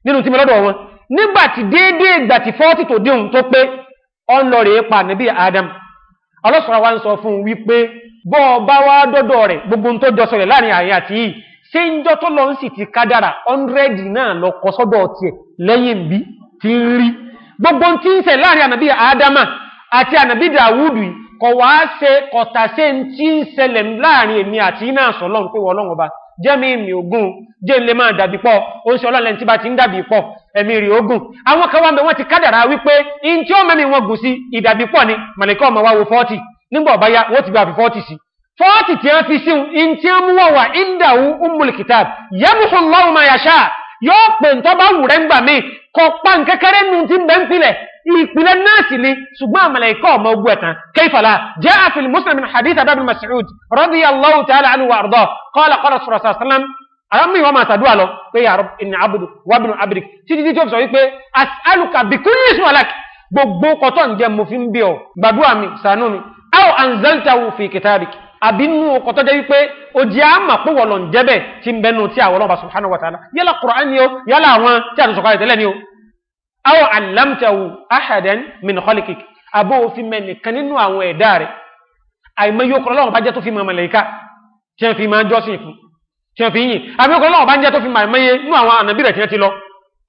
nínú tí mo lọ́dọ̀ wọn nígbà tí déédéé ìgbà tí fọ́ọ̀tì tó dín òun tó pé ọ̀ ń lọ pa nàbí ádámà Allah wa ń sọ fún un wípé bọ́ ọba wá dọ́dọ̀ rẹ̀ gbogbo tó jọ sọ̀rẹ̀ láàrin àyà àti yìí ṣe ń jọ tó lọ ń sì ti kádàrà ọ́ndrẹ́dì náà lọ kọ sọ́dọ̀ tiẹ̀ lẹ́yìn bí ti rí gbogbo tí ń ṣe láàrin ànàbí àti ànàbí dàwúdù kọ̀ wá ṣe kọ̀tà ṣe ń tí ń ṣẹlẹ̀ láàrin èmi àti ogun jẹ́ máa dàbí pọ̀ ó ń ṣe ọlọ́run bá ogun àwọn kan wá wọ́n ti wípé tí ó mẹ́mi wọn gùn sí ni màlẹ́kọ́ ọmọ wa wo nígbà ọ̀báyá wọ́n ti gba fi 40 sí 40 tí a fi sí in tí a mú wọ́n wà ìdáwó umul kitab yẹ́mùsùn lọ́rùn máa yàṣá yóò pè ń tọ́bá wù rẹ̀ ń gbà mí kọ pa ń kékeré nu ti ń bẹ́ ń pilẹ̀ ìpìlẹ̀ náà sì ni ṣùgbọ́n àmàlẹ̀ ikọ̀ ọmọ ogun ẹ̀tàn kéfàlà jẹ́ àfil muslim min hadith abdul mas'ud radiyallahu ta'ala anhu wa arda qala qala rasulullah sallam àwọn mìíràn máa ṣàdúrà lọ pé ya rab inni abudu wabinu abrik títí tó sọ wípé as'aluka bi kulli ismi gbogbo kọtọ́ ǹjẹ́ mo fi ń bí ọ gbàdúrà mi sànú mi aw anzaltahu fi kitabik àbí nínú ọkọ̀ tó jẹ́ wípé ó jẹ́ àmà pé wọ̀ lọ ń jẹ́bẹ̀ tí ń bẹnu tí àwọn ọlọ́ba subhanahu wa ta'ala yálà Qur'an ni o yálà àwọn tí a ti sọ̀kọ́ àìtẹ́lẹ̀ ni o aw allamtahu ahadan min khalikik àbó òfin mẹ́nìkan nínú àwọn ẹ̀dá rẹ̀ àìmọ́ yóò kọ́ lọ́wọ́ bá jẹ́ tó fi mọ̀ màláíkà tí wọ́n fi máa jọ́sìn fún tí wọ́n fi yìn àbí yóò kọ́ lọ́wọ́ bá jẹ́ fi mọ̀ àìmọ́yé nínú àwọn ànàbí rẹ̀ tí wọ́n ti lọ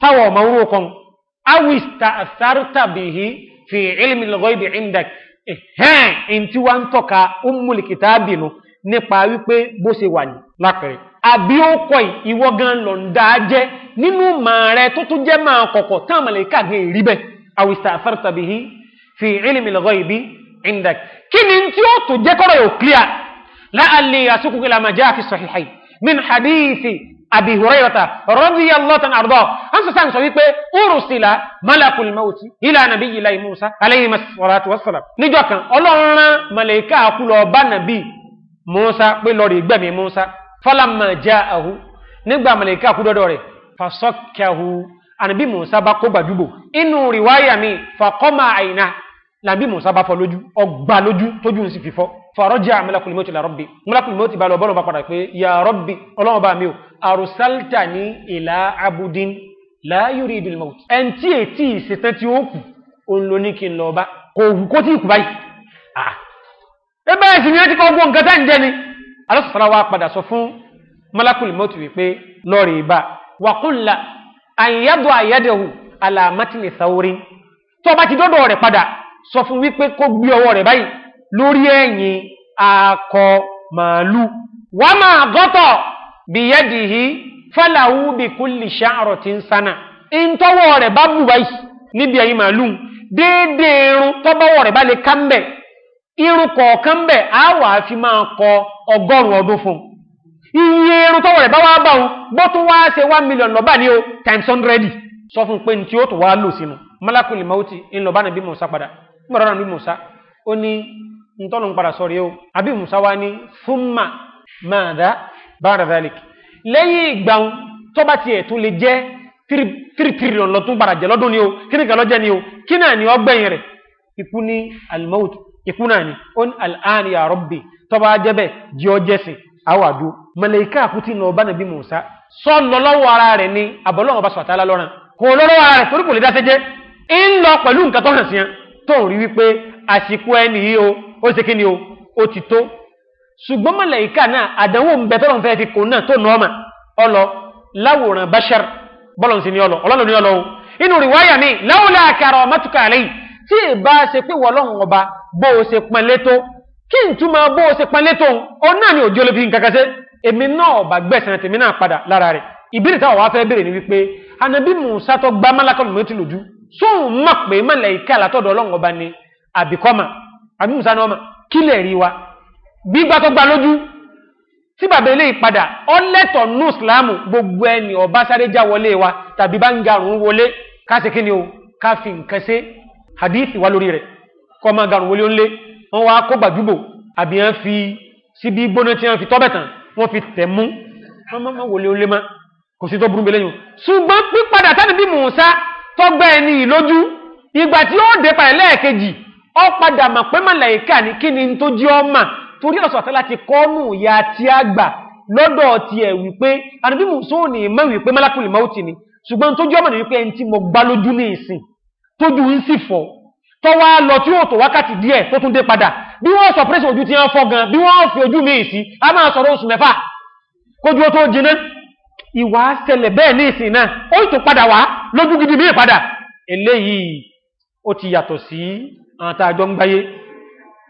táwọn ọmọ orúkọ awista asartabihi fi ilmi al-ghaibi indak ẹ̀hẹ́n ẹ̀yìn tí wọ́n ń tọ́ka ummul kitabi nu nípa wípé bó ṣe wà ní lápẹ̀rẹ̀. àbí ó kọ́ ìwọ gan lọ ń dá jẹ́ nínú màá rẹ tó tún jẹ́ màá kọ̀kọ̀ tán àmàlẹ́kà gan èrí bẹ́ẹ̀ àwìsà àfẹ́rẹ́tàbìhí fi ilmi al-ghaybi indak kí ni tí ó tún jẹ́ kọ́rọ̀ yóò clear láàlẹ́ àsìkò kí máa jẹ́ àfi sahihayn min hadithi àbí ìhùrẹ́yọta rọ́bí allọ́tàn àrùdọ́ hansasa sọ wípé orùsílà malakul mauti ilá nàbí ilá ìmúsa aléyìn masalatu wasalam níjọ kan ọlọ́run malẹ̀ká àkúlọ̀ bá nàbí musa pé lọ́rọ̀ ìgbẹ̀mí musa falamma já ahu nígbà malẹ̀ká àkúdọ́dọ̀ rẹ̀ fasọ́kẹ́hu ànàbí musa bá kó gbàdúgbò inú rìwáyà mi fakọ́mà àyìnà làbí musa faraja malakul mọ́tì la rọ́bì malakul mọ́tì bá lọ bọ́lọ̀ bá padà pé ya rọ́bì ọlọ́run bá mi o arusalta ní ìlà abudin la yuridul maut ẹn tí ètí ìṣetán tí ó kù òun ló ní kí n lọ bá kò wù kó tí ì kú báyìí. ẹ bẹ́ẹ̀ sì ni ẹ ti kọ́ gbọ́ nǹkan tá ń jẹ ni alásùfàlà wa padà sọ fún malakul mọ́tì wípé lọ́ọ̀rì lórí ẹ̀yìn akọ màálù wọ́n máa gọ́tọ̀ bí yẹ́dì yìí fọ́làwú tí ń sánà ń rẹ̀ bá bù báyìí níbi ẹ̀yìn màálù déédéé irun tọ́bọ́wọ́ rẹ̀ bá lè ká fi máa kọ ọgọ́rùn-ún ọdún fún un iye irun tọ́wọ́ rẹ̀ bá wá bá òun bó tún wá ṣe one million lọ́ba o times hundred sọ fún un musa padà nàbí musa ó ntọ́nù ń padà sọ̀rọ̀ yìí o àbí musa wa ní fúnmà máa dá bára dalik lẹ́yìn ìgbà tó bá tiẹ̀ tó lè jẹ́ tírí tírílọ̀n lọ́tún padà jẹ́ lọ́dún ni o kí ni kàlọ́ jẹ́ ni o kí náà ni ọgbẹ́yìn rẹ̀ ikú ní almaut ikú náà ni ó ní al'ani ya tó bá jẹ́ bẹ́ẹ̀ jẹ́ ọ jẹ́sìn awàdú màláíkà àkútì ní ọba nàbí musa sọ lọ́lọ́wọ́ ara rẹ̀ ni àbọ̀lọ́wọ́ bá sọ àtàlá lọ́ràn kò lọ́lọ́wọ́ ara rẹ̀ torí kò lè dáṣẹ́ jẹ́ ń lọ pẹ̀lú nǹkan tó hàn sí yẹn tó rí wípé àsìkò ẹni yìí o ó ṣe kí ni o ó ti tó ṣùgbọ́n mọ̀lẹ́yìká náà àdánwò ń bẹ tọ́lọ̀ ń fẹ́ fi kò náà tó nà ọmọ ọlọ láwòrán bashar bọ́lọ̀ sí ni ọlọ ọlọ́run ni ọlọ́run inú rìwáyà mi láwùlà àkàrà matuka àlẹ́ yìí tí ìbá ṣe pé wọlọ́run ọba bó o ṣe pọn létó kí n tún máa bó o ṣe pọn létó òun náà ni òjò lè fi nǹkan kan ṣe èmi náà ọba gbẹ̀sán tèmi náà padà lára rẹ̀ ìbéèrè táwọn wá fẹ́ béèrè ni wípé anabi musa tó gbá malakọ̀ lómi ti lòjú sóun mọ̀ pé mọ̀lẹ́yìká látọ̀dọ̀ ọlọ́run ọba ni àbíkọ́mà àbí musa ní ọmọ kí lè rí wa gbígbá tó gba lójú tí bàbá ilé ìpadà ọlẹ́tọ̀ nù ìsìláàmù gbogbo ẹni ọba sáré já wọlé wa tàbí bá ń garùn wọlé ká kí ni o ká nǹkan ṣe hadith wa lórí rẹ̀ kọ́ máa garùn wọlé ńlé wọn wá kó gbàdúgbò àbí wọn fi síbi gbóná tí wọn fi tọ́bẹ̀ tán wọn fi tẹ̀ mú wọn máa wọlé ńlé má kò sí tó burú bẹ́lẹ̀ yìí ṣùgbọ́n pípadà tánibí musa tọ́gbẹ́ ẹni ìlójú ìgbà tí ó dé padà lẹ́ẹ̀kejì ọ padà mà pé màláìka ní kí ni tó jí ọmọ torí ọ̀sọ̀ àtàlà ti kọ́nù ìyá tí a gbà lọ́dọ̀ tiẹ̀ wípé àdúgbò mùsùlùmí ní ìmọ̀ wípé malakul mauti ni ṣùgbọ́n tó jí ọmọ ní wípé ẹni tí mo gbá lójú ní ìsìn tójú ń sì fọ́ tọ́wọ́ lọ tí yóò tó wákàtí díẹ̀ tó tún dé padà bí wọ́n sọ pẹ́sẹ̀ ojú ti ń fọ́ gan bí wọ́n fi ojú mi sí a máa sọ̀rọ̀ oṣù mẹ́fà kójú ó tó jiná ìwà ṣẹlẹ̀ bẹ́ẹ̀ ní ìsìn náà ó ì tó padà wá lójú gidi bí ìpadà eléyìí ó ti yàtọ̀ sí àwọn tá a jọ ń gbáyé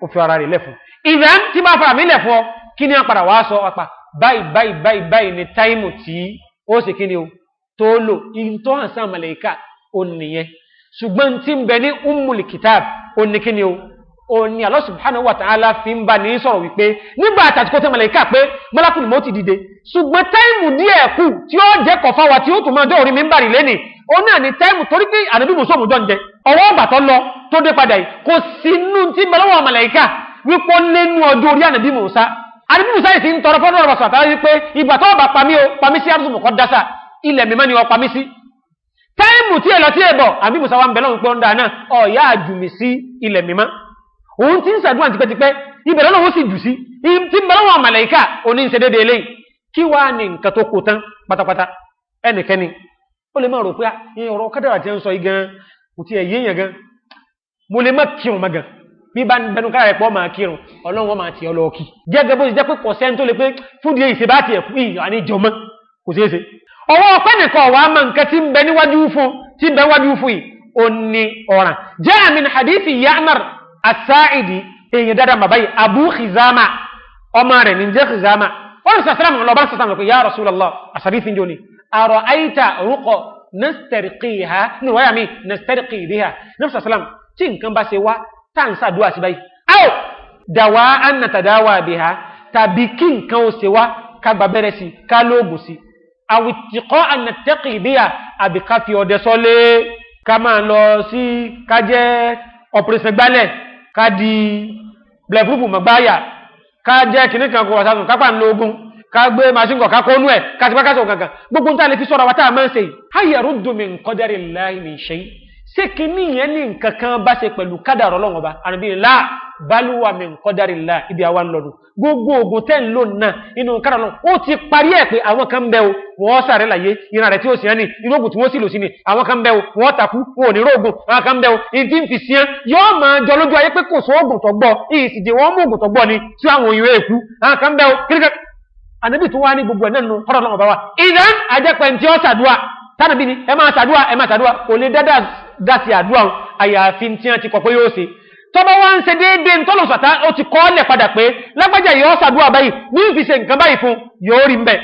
ó fi ara rẹ̀ lẹ́fun ìfẹ́ tí máa fara mi lẹ̀fọ́ kí ni wọ́n padà wá sọ apá báyìí báyìí báyìí báyìí ni táìmù tí ó sì kí ni o tó lò ìtọ́ àǹsán màlẹ́kà ó nìyẹn ṣùgbọ́n tí ń bẹ ní umul kitab ó ní kí ni o òní Allah subhanahu wa ta'ala fi ń bá ní sọ̀rọ̀ wípé nígbà àtàtìkò tẹ́ màláíkà pé mọ́lákùn mọ́ ti dìde ṣùgbọ́n táìmù díẹ̀ kù tí ó jẹ́ kọ̀fá wa tí ó tún máa jẹ́ orí mímbàrì lẹ́nì ó náà ní táìmù torí pé ànábì mùsùlùmù jọ ń jẹ ọwọ́ bàtọ́ lọ tó dé padà yìí kò sí inú tí mọ́lọ́wọ́ màláíkà wípé lẹ́nu ọjọ́ orí ànábì Mùsá ànábì Mùsá yìí ti ń tọrọ fọ́nrán ọ̀rọ̀ sọ̀tà wípé ìgbà táìmù tí ẹ lọ tí ẹ bọ̀ ànábì wa ń bẹ̀ lọ́wọ́ pé ó ń dáná ọ̀yá àjùmí sí ilẹ̀ mímọ́ òun ti ń sàdúrà tipẹ́tipẹ́ ibẹ̀ lọ́nà ó sì jù sí tí ń bẹ̀rẹ̀ wọn màláíkà òní ń ṣe déédéé lẹ́yìn kí wàá ní nǹkan tó kó tán pátápátá ẹnikẹ́ni ó lè máa rò pé ah, ẹ̀yìn ọ̀rọ̀ kádàrà ti ń sọ yìí gan-an kò tiẹ̀ yé yẹn gan mo lè má kírun má gan bí bá bẹnu kára rẹ̀ pọ̀ máa kírun ọlọ́run wọn máa tiẹ̀ lọ́ọ́ kí jẹ́gẹ́ bó ti jẹ́ pé kò sẹ́ni tó lè pé fúdi èyí ṣe bá tiẹ̀ kú ìyàn àníjọ mọ́ kò ṣeé ṣe ọwọ́ ọpẹ́ nìkan wàá mọ nǹkan tí ń bẹ níwájú fún tí ń bẹ níwájú fún yìí ó ní ọ̀ràn jẹ́ àmì hadithi yamar asáìdì èèyàn dáadáa màbá yìí abu khizama ọmọ rẹ̀ ní jẹ́ khizama wọ́n lè sàsílámù ọlọ́ba sàsílámù pé ya rasulallah àsàbí fi ń jóni àrọ̀ àyíta rúkọ nastarqiha ní wáyà mi nastarqi biha nabi sàsílámù tí nǹkan bá ṣe wá tá à ń sàdúrà sí báyìí áwò dàwa ànàtàdáwà biha tàbí kí nǹkan ó ṣe wá ká gbàbẹ́rẹ́ sí ká lóògùn sí àwìtìkọ́ ànàtẹ́kì bíyà àbíká fi ọ̀dẹ sọ́lé ká máa lọ sí ká jẹ́ ọ̀pẹ̀rẹ̀sẹ̀ gbálẹ̀ ká di blẹ̀púpù mọ̀gbáyà ká jẹ́ kìíní kan kò wàsánù kápá ń lo ogun ká gbé màṣínkọ̀ ká kó nú ẹ̀ ká ti pákàtọ̀ kankan gbogbo nta lè fi sọ̀rọ̀ wa tá a máa ń ṣe yìí. ayẹ̀rú domi nkọ́dẹ́rì láì ní ṣe yìí ṣé kìíní yẹn ní nǹkan kan bá ṣe pẹ̀lú kádàrọ̀ ọlọ́run ọba àrùn bíi balùwà mi nkọ́dárìlá ibi àwa ńlọ́dún gbogbo ogun tẹ́ ń lò náà inú kára náà ó ti parí ẹ̀ pé àwọn kan bẹ́ o wọ́n sàrẹ́ láyé ìran rẹ̀ tí ó sì ń ní inú ogun tí wọ́n sì lò sí ni àwọn kan bẹ́ o wọ́n takú wọn ò ní rógun àwọn kan bẹ́ o ní ti ń fi sí ẹ́ yọ́ọ́ máa jọ lójú ayé pé kò sọ ogun tó gbọ́ ìyì sì jẹ́ wọ́n mú ogun tó gbọ́ ni tí àwọn ìwé èkú àwọn kan bẹ́ o kíríkẹ́ ànábì tó wá ní gbogbo ẹ̀ náà nù tọ́bọ̀ wá ń dị déédéé ń tọ́lọ̀ sọ̀tá ó ti kọ́ ọ́lẹ̀ padà pé lágbájá yóò ṣàdúrà báyìí ní ìfi se nǹkan báyìí fún yóò rí mbẹ́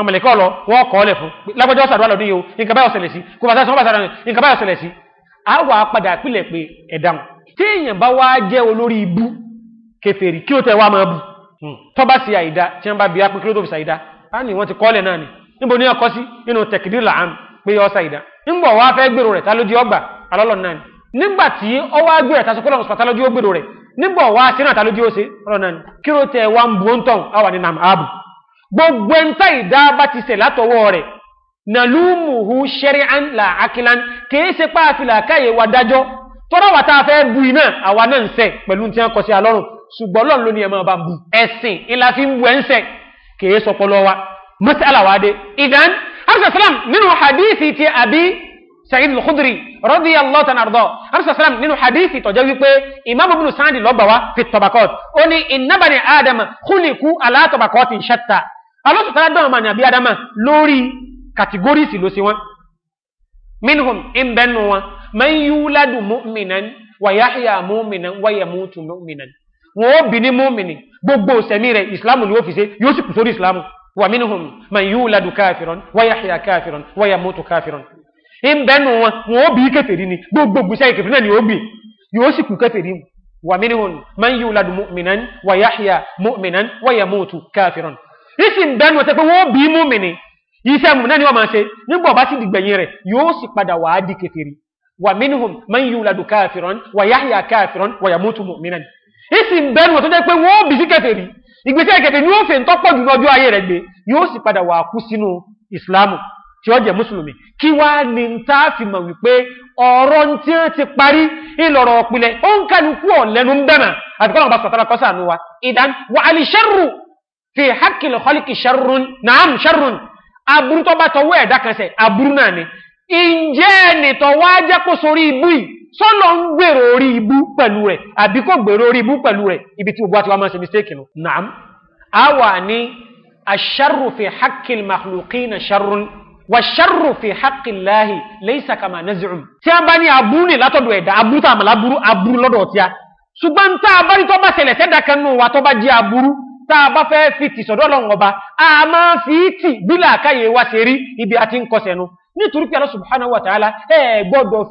ọmọlẹ́kẹ́ ọ̀lọ́ wọ́n kọ́ ọ́lẹ̀ fún lágbájá ó ṣàdúrà lọ́dún yìí o nǹkan báyìí ọ̀sẹ̀lẹ̀ sí kò bàtà sọ́n bàtà nǹkan báyìí ọ̀sẹ̀lẹ̀ sí a wà á padà pìlẹ̀ pé tí èèyàn bá wá jẹ́ olórí kí ó tẹ wá máa bù hmm. tọ́ba di ọgbà alọ́lọ́ náà ni nígbàtí ọwọ́ agbé ẹ̀ta sọkọ́lọ̀ ọ̀sọ̀tà lójú ògbèrò rẹ̀ nígbà wá sínú àtà lójú òsè ọ̀rọ̀ náà kí ló tẹ wá ń bu ó ń tàn á wà ní nam abu gbogbo ẹ̀ńtà ìdá bá ti sẹ̀ látọwọ́ rẹ̀ nàlúmùhù ṣẹ́ríán là ákílán kìí ṣe páàfilà káyè wa dájọ́ tọ́rọ̀ wà tá a fẹ́ bu iná àwa náà ń sẹ̀ pẹ̀lú tí wọ́n kọ sí alọ́run ṣùgbọ́n lọ́n ló ní ẹ máa bá bu ẹ̀sìn ìlà fi ń bu ẹ̀ ń sẹ̀ kìí sọpọlọ wa mọ́sálà wa dé ìdán abdulsalam nínú hadithi ti àbí Sa'id al-Khudri radiyallahu ta'ala anhu Ànábì sallam nínú hadithi tó jẹ́ wípé Imam Ibn Sa'd ló gbà wá fi tabaqat ó ní inna bani Adam khuliqu ala tabaqatin shatta. Allah ta'ala dán ọmọ àbí Adam lórí kàtígórìsì ló sí wọn. Minhum in bẹ́nu wọn man yuladu mu'minan wa yahya mu'minan wa yamutu mu'minan. Wọ́n ó bí ní mu'mini gbogbo sẹ̀mí rẹ̀ Ìsìlámù ni ó fi ṣe yóò sì kù sórí Ìsìlámù. Wa minhum man yuladu kafiran wa yahya kafiran wa yamutu ń bẹ́nu wọn wọn ó bí kẹfẹ́rí ni gbogbogbò sẹ́yìn kẹfẹ́rí náà ni ó bì yóò sì kú kẹfẹ́rí mu wà mí nìhun máa ń yí wùladù mùmìnán wà yáhìá mùmìnán wà yà mùtù káfíràn ìsìn bẹ́nu wọn tẹ́ pé wọ́n bí mùmìnì iṣẹ́ mùmìnán ni wọ́n máa ṣe nígbà ọba sì dìgbẹ̀yìn rẹ̀ yóò sì padà wà di kẹfẹ́rí wà mí nìhun máa ń yí wùladù káfíràn wà yáhìá káfíràn wà yà mùtù mùmìnán ìsìn bẹ́nu wọn tó jẹ́ pé wọ́n bí sí kẹfẹ́rí ìgbésẹ̀ kẹfẹ́rí yóò fẹ́ ń tọ́pọ̀ jù lọ́jọ́ ayé rẹ̀ gbé yóò sì padà wà kú sínú ìsìlámù tí ó jẹ́ mùsùlùmí kí wá ní tá a fi mọ̀ wípé ọ̀rọ̀ tí wọ́n ti parí ìlọ̀rọ̀ ọ̀pìlẹ̀ ó ń kálukú ọ̀lẹ́nu ń bẹ̀rẹ̀ àti kọ́lọ̀ bá sọ̀tara kọ́sà àánú wa ìdán wà á lè ṣẹ́rù fi hákìlì họ́líkì ṣẹ́rùn náà ṣẹ́rùn aburú tó bá tọwọ́ ẹ̀dá kan sẹ̀ aburú náà ni ǹjẹ́ ẹnìtọ̀ wá jẹ́ kó sórí ibú yìí sọ́nà ń gbèrò orí ibú pẹ̀lú rẹ̀ àbí kò gbèrò orí ibú pẹ̀lú rẹ̀ ibi tí gbogbo àti wa máa ṣe mistake nù. nàám àwa ní aṣarrufi hakil makhluqina sharrun wa sharru fi haqqillahi laysa kama naz'um tí an bá ní abuni látọ̀dọ̀ ẹ̀dá abuta amala buru aburu lọ́dọ̀ tí a ṣùgbọ́n tá bá rí tó bá ṣẹlẹ̀ ṣẹ̀dá kan nu wa tó bá jẹ́ aburu tá bá fẹ́ fi ti sọ́dọ̀ Ọlọ́run Ọba a ma fi ti bila kaye wa seri ibi ati nko senu nítorí pé Allah subhanahu wa ta'ala ẹ gbọ́dọ̀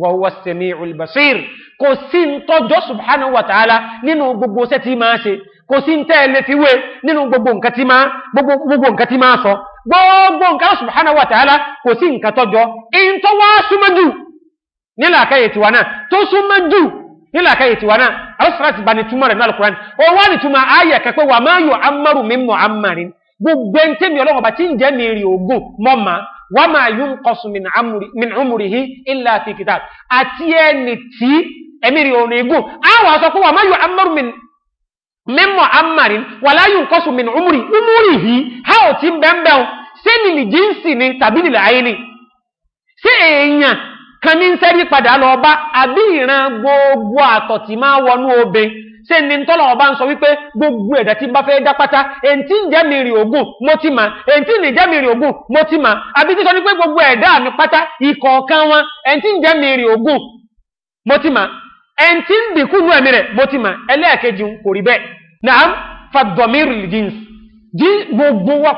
wàhúwà sami'ul basir kò sí ń tọ́jọ́ subhanahu wa ta'ala nínú gbogbo ṣẹ́ tí máa ṣe kò sí ń tẹ́ẹ̀lẹ́ ti wé nínú gbogbo nǹkan tí máa gbogbo nǹkan tí máa sọ gbogbo nǹkan subhanahu wa ta'ala kò sí nǹkan tọ́jọ́ in tó wá súnmọ́jù nílà káyè tiwa náà tó gbogbo ẹni ọlọ́wọ́ bá ti ń jẹ́ mi ogun mọ́ máa wa ma yunqasu min amri min umrihi illa fi kitab àti ẹni tí ẹ̀mí rí òun ègún àwọn àsọ pé wà má yọ amaru min mímọ amarin wà láyé nǹkọ́sùn min umri umrihi ha ò ti bẹ́ẹ̀ o ṣé nìlì jíǹsì ni tàbí nìlì ayé ni ṣé èèyàn kan ní ń sẹ́rí padà lọ bá àbí ìran gbogbo àtọ̀ máa wọnú obìnrin ṣe ni tọ́lọ̀ ọba ń sọ wípé gbogbo ẹ̀dá tí bá fẹ́ dá pátá èntí ń jẹ́ mi rìn ògùn mo ti mà èntí ń jẹ́ mi rìn ògùn mo ti mà àbí gbogbo ẹ̀dá mi pátá ìkọ̀ọ̀kan wọn èntí ń jẹ́ mi rìn ògùn mo ti mà èntí ń dínkù nú ẹ̀mí rẹ̀ mo ti mà gbogbo wa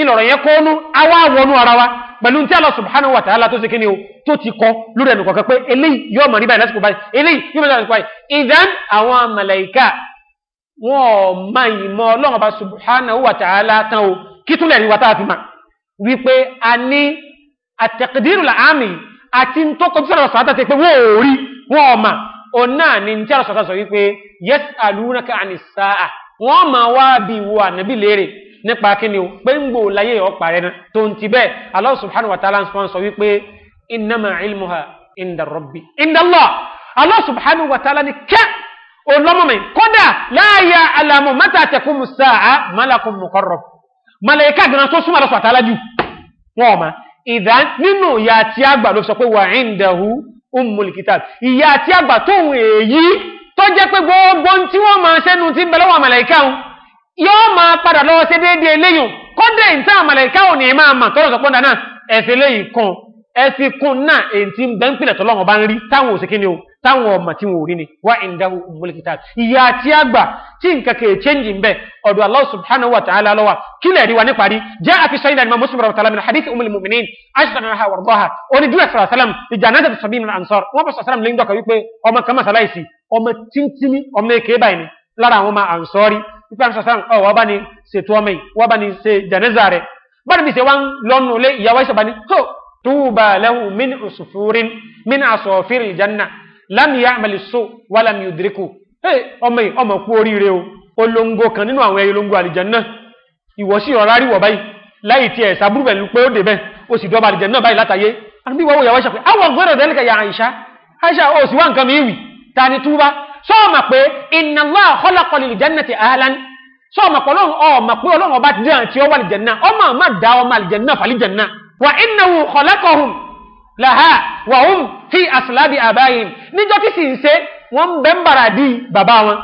ìlọ̀rọ̀ yẹn kọ́nú awá wọnú ara wa pẹ̀lú tí Allah subhanahu wa ta'ala tó ṣe kí ni o tó ti kọ lórí ẹnu kọ̀ọ̀kan pé eléyìí yóò mọ̀ níbàyìí lásìkò báyìí eléyìí yóò mọ̀ níbàyìí ìdán àwọn màláíkà wọn ò máa yìí mọ ọlọ́run ọba subhanahu wa ta'ala tán o kí tún lẹ́rìí wa tá a fi mà wípé a ní àtẹ̀kídìrú làámì àti ntọ́kọ̀tí sọ̀rọ̀ sọ̀rọ̀ nípa kíni o pé ń gbò láyé ọ̀pá rẹ̀ náà tó ń ti bẹ́ẹ̀ Allah subhanahu wa ta'ala ń sọ wípé innama ilmuha inda rabbi inda Allah Allah subhanahu wa ta'ala ni kẹ́ olómọ̀mí kódà la ya'lamu mata taqumu sa'a malakun muqarrab màláíkà gan tó súnmọ́ lọ́sọ̀ àtàlá jù wọn ọ̀ma ìdá nínú ìyá àti àgbà ló sọ pé wà indahu ummul kitab ìyá àti àgbà tóun èyí tó jẹ́ pé gbogbo tí wọ́n máa ṣẹ́nu ti ń bẹ lọ́wọ́ màláíkà yóò máa padà lọ́wọ́ sí déédé eléyìn kọ́dẹ̀ ìta àmàlẹ̀ká ò ní máa mà tọ́rọ̀ sọpọ́ndà náà ẹ̀sìn eléyìn kan ẹ̀sìn kun náà èyí tí ń bẹ́ ń pìlẹ̀ tọ́lọ́wọ́ bá ń rí táwọn òsèké ni o táwọn ọmọ tí wọn ò rí ni wá ìdá òmùlẹ̀kìtà ìyá àti àgbà tí nǹkan kè chéńjì ń bẹ ọ̀dọ̀ Allah subhanahu wa ta'ala lọ́wà kí lè rí wa ní parí jẹ́ àfi sẹ́yìn dàní Muslim rọ̀ tàlámì náà hadith umul mu'minin aisha náà ha wàrúbọ̀ ha oní dúró sọ̀rọ̀ sálám ìjà náà tẹ̀sọ̀ bí mi ansọ́r wọ́n bọ̀ sọ̀rọ̀ sálám lẹ́yìn dọ́kà wípé ọmọ kan masalaisi ọmọ tíntìní ọmọ èké báyìí lára àwọn ọmọ ansọ́rí pípẹ́ sọ̀sán ọ̀ wọ́n bá ní ṣètò ọmọ yìí wọ́n bá ní ṣe jẹ̀nẹ́zà rẹ̀ bá níbi ṣe wá ń lọ́nu lé ìyàwó ẹ̀ṣẹ̀ bá ní tó tuuba lahu min usufurin min asọ̀fin ìjánná lam ya'mal su wa lam yudriku ọmọ yìí ọmọ kú oríire o olóńgó kan nínú àwọn ẹyẹ olóńgó àlìjánná ìwọ sí ọ̀rá rí wọ̀ báyìí láì tiẹ̀ sàbúrú pẹ̀lú pé ó dé bẹ́ẹ̀ ó sì dọ́ba àlìjánná báyìí látàyé àbí wọ́n wọ ìyàwó ẹ̀ṣẹ̀ ta ni sọ́ọ̀mà pé inna Allah khalaqa lil jannati ahlan sọ́ọ̀mà pé ọlọ́run ọ̀ọ̀mà pé ọlọ́run ọba díẹ̀ àti ọwọ́ àlìjẹ̀nà ọmọ àmà dá ọmọ àlìjẹ̀nà fàlìjẹ̀nà wa innahu khalaqahum laha wa hum fi aslabi abayim níjọ́ tí sì ń ṣe wọ́n ń bẹ́ ń bàrà dí bàbá wọn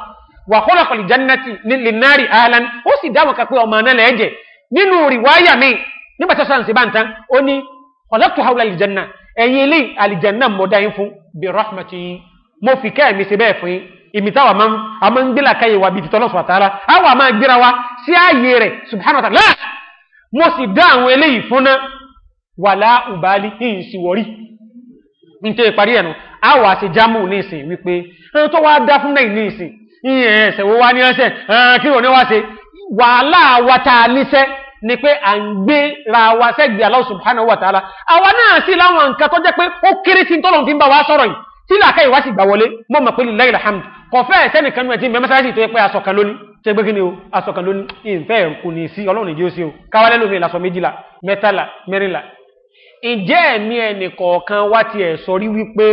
wa khalaqa lil jannati lin nari ahlan ó sì dáwọn kápẹ́ ọmọ náà lẹ́ẹ̀jẹ̀ nínú rìwáyà mi nígbà tó sàn sí bá ń tán ó ní khalaqtu mo fi kẹ́ mi ṣe bẹ́ẹ̀ fún ìmì táwa máa ń ń gbéra káyè wa bíi titọ́ lọ́sùn àtàrà á wà máa gbéra wa sí ààyè rẹ̀ subhanahu wa ta'ala mo sì dá àwọn ubali ń sì wọ̀rí ní tẹ́ parí ẹ̀nu á wà ṣe jámù ní ìsìn wípé ẹni tó wá dá fún náà ní ìsìn ìyẹn ẹsẹ̀ wo wá ni pé à ń gbéra wa sẹ́gbẹ̀ẹ́ Allah subhanahu wa ta'ala àwa náà sì láwọn nǹkan tó jẹ́ pé ó kéré sí tọ́lọ́ fi ń bá wa sọ̀rọ̀ yìí tí làákà ìwá sì gbà wọlé mọ́ mọ̀ pé lè láì làhàmd kò fẹ́ sẹ́nìkan ní ẹtí mẹ́mẹ́sáàsì tó yẹ pé asọ̀kan lónìí ṣe gbé kíni o asọ̀kan lónìí ìfẹ́ ẹ̀kú ní sí ọlọ́run ìjẹ́ òsì o káwálẹ́ lómi ìlàsọ méjìlá mẹ́tàlá mẹ́rìnlá. ǹjẹ́ ẹ̀mí ẹnì kọ̀ọ̀kan wá ti ẹ̀ sọ rí wípé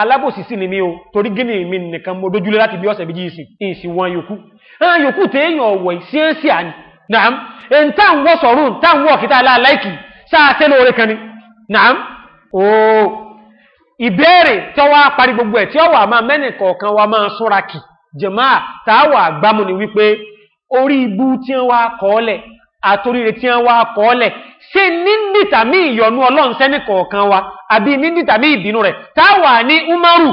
alábòsí sì ni mí o torí gíní mi nìkan mo dójúlé láti bí ọ̀sẹ̀ méjì ìsìn ìsìn wọn yòókù hàn yòókù téèyàn ọ̀wọ̀ ìṣeéṣì àní nàám ẹ̀ǹ tá ń wọ̀ sọ̀rùn tá ń wọ̀ kíta aláàláìkì sáà tẹ́lẹ̀ orí kan ni nàám ooo ìbéèrè tí wọ́n á parí gbogbo ẹ̀ tí ọwọ́ àmà mẹ́nì kọ̀ọ̀kan wa máa súnra kì jẹ̀mọ́ àtàwọ̀ àgbámu ni wípé orí ibú tí wọ́n wá kọ́ọ́lẹ̀ àtòríire tí wọ́n wá kọ́ọ́lẹ̀ ṣé níndìtà mí ìyọnu ọlọ́run sẹ́nì kọ̀ọ̀kan wa àbí níndìtà mí ìbínú rẹ̀ táwà ní umaru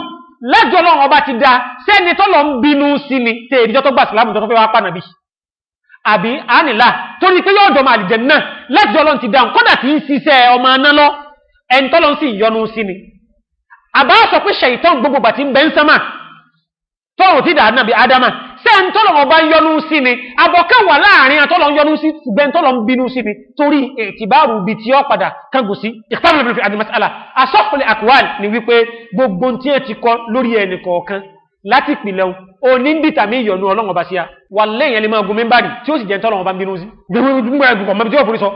lájọ ọlọ́run ọba ti da sẹ́ni tọ́lọ̀ ń bínú sí ni tẹ èdíjọ́ tó gbà sílámù tó fẹ́ wá pànà bí àbí ànilá torí pé yóò dọ̀mọ̀ àlìjẹ̀ náà lájọ ọlọ́run ti dáhùn kódà tí ń ṣiṣẹ́ ọmọ aná lọ ẹni tọ́lọ̀ ń sì yọnu sí ni àbá sọ pé ṣèyítàn gbogbo bàtí ń bẹ́ ń sánmà tọ́rùn tí dàá nàbí ádámà ṣé ń tọ́lọ̀ ọba ń yọnu sí ni abọ́kẹ́ wà láàrin àtọ́lọ̀ ń yọnu sí ṣùgbẹ́ ń tọ́lọ̀ ń bínú sí ni torí ètìbáàrù ibi tí ó padà kángun sí ìtàbílẹ̀ bíi àdìmọ́sí àlà asọ́fúnlẹ̀ àkùwàl ni wípé gbogbo tí ẹ ti kọ lórí ẹnì kọ̀ọ̀kan láti ìpìlẹ̀ òní ń dìtà mí ìyọnu ọlọ́run ọba sí a wà lẹ́yìn ẹni máa gun mímbàrì tí ó sì jẹ́ tọ́lọ̀ ọba ń bínú sí gbogbo ẹgbùkọ̀ mọ́bi tí ó forí sọ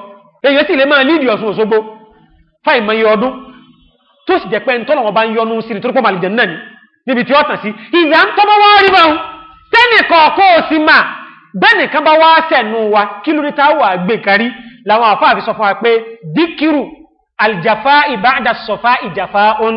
èyí sì lè máa lídìí ọ̀sùn òṣogbo fáìmọ̀ iye ọdún tó sì jẹ́ pé ń tọ́lọ̀ wọn bá ń yọnu sí ni tó pọ̀ màlìjẹ̀ náà ni níbi tí ó tàn sí ìyá ń tọ́bọ̀ wá rí báwọn tẹ́nìkan kó o sì mà bẹ́ẹ̀ nìkan bá wá sẹ̀nu wa kí ló dé tá wà gbé kárí làwọn àfa àfi sọ fún wa pé díkìrù àlìjàfá ìbáàdà sọ̀fá ìjàfá òun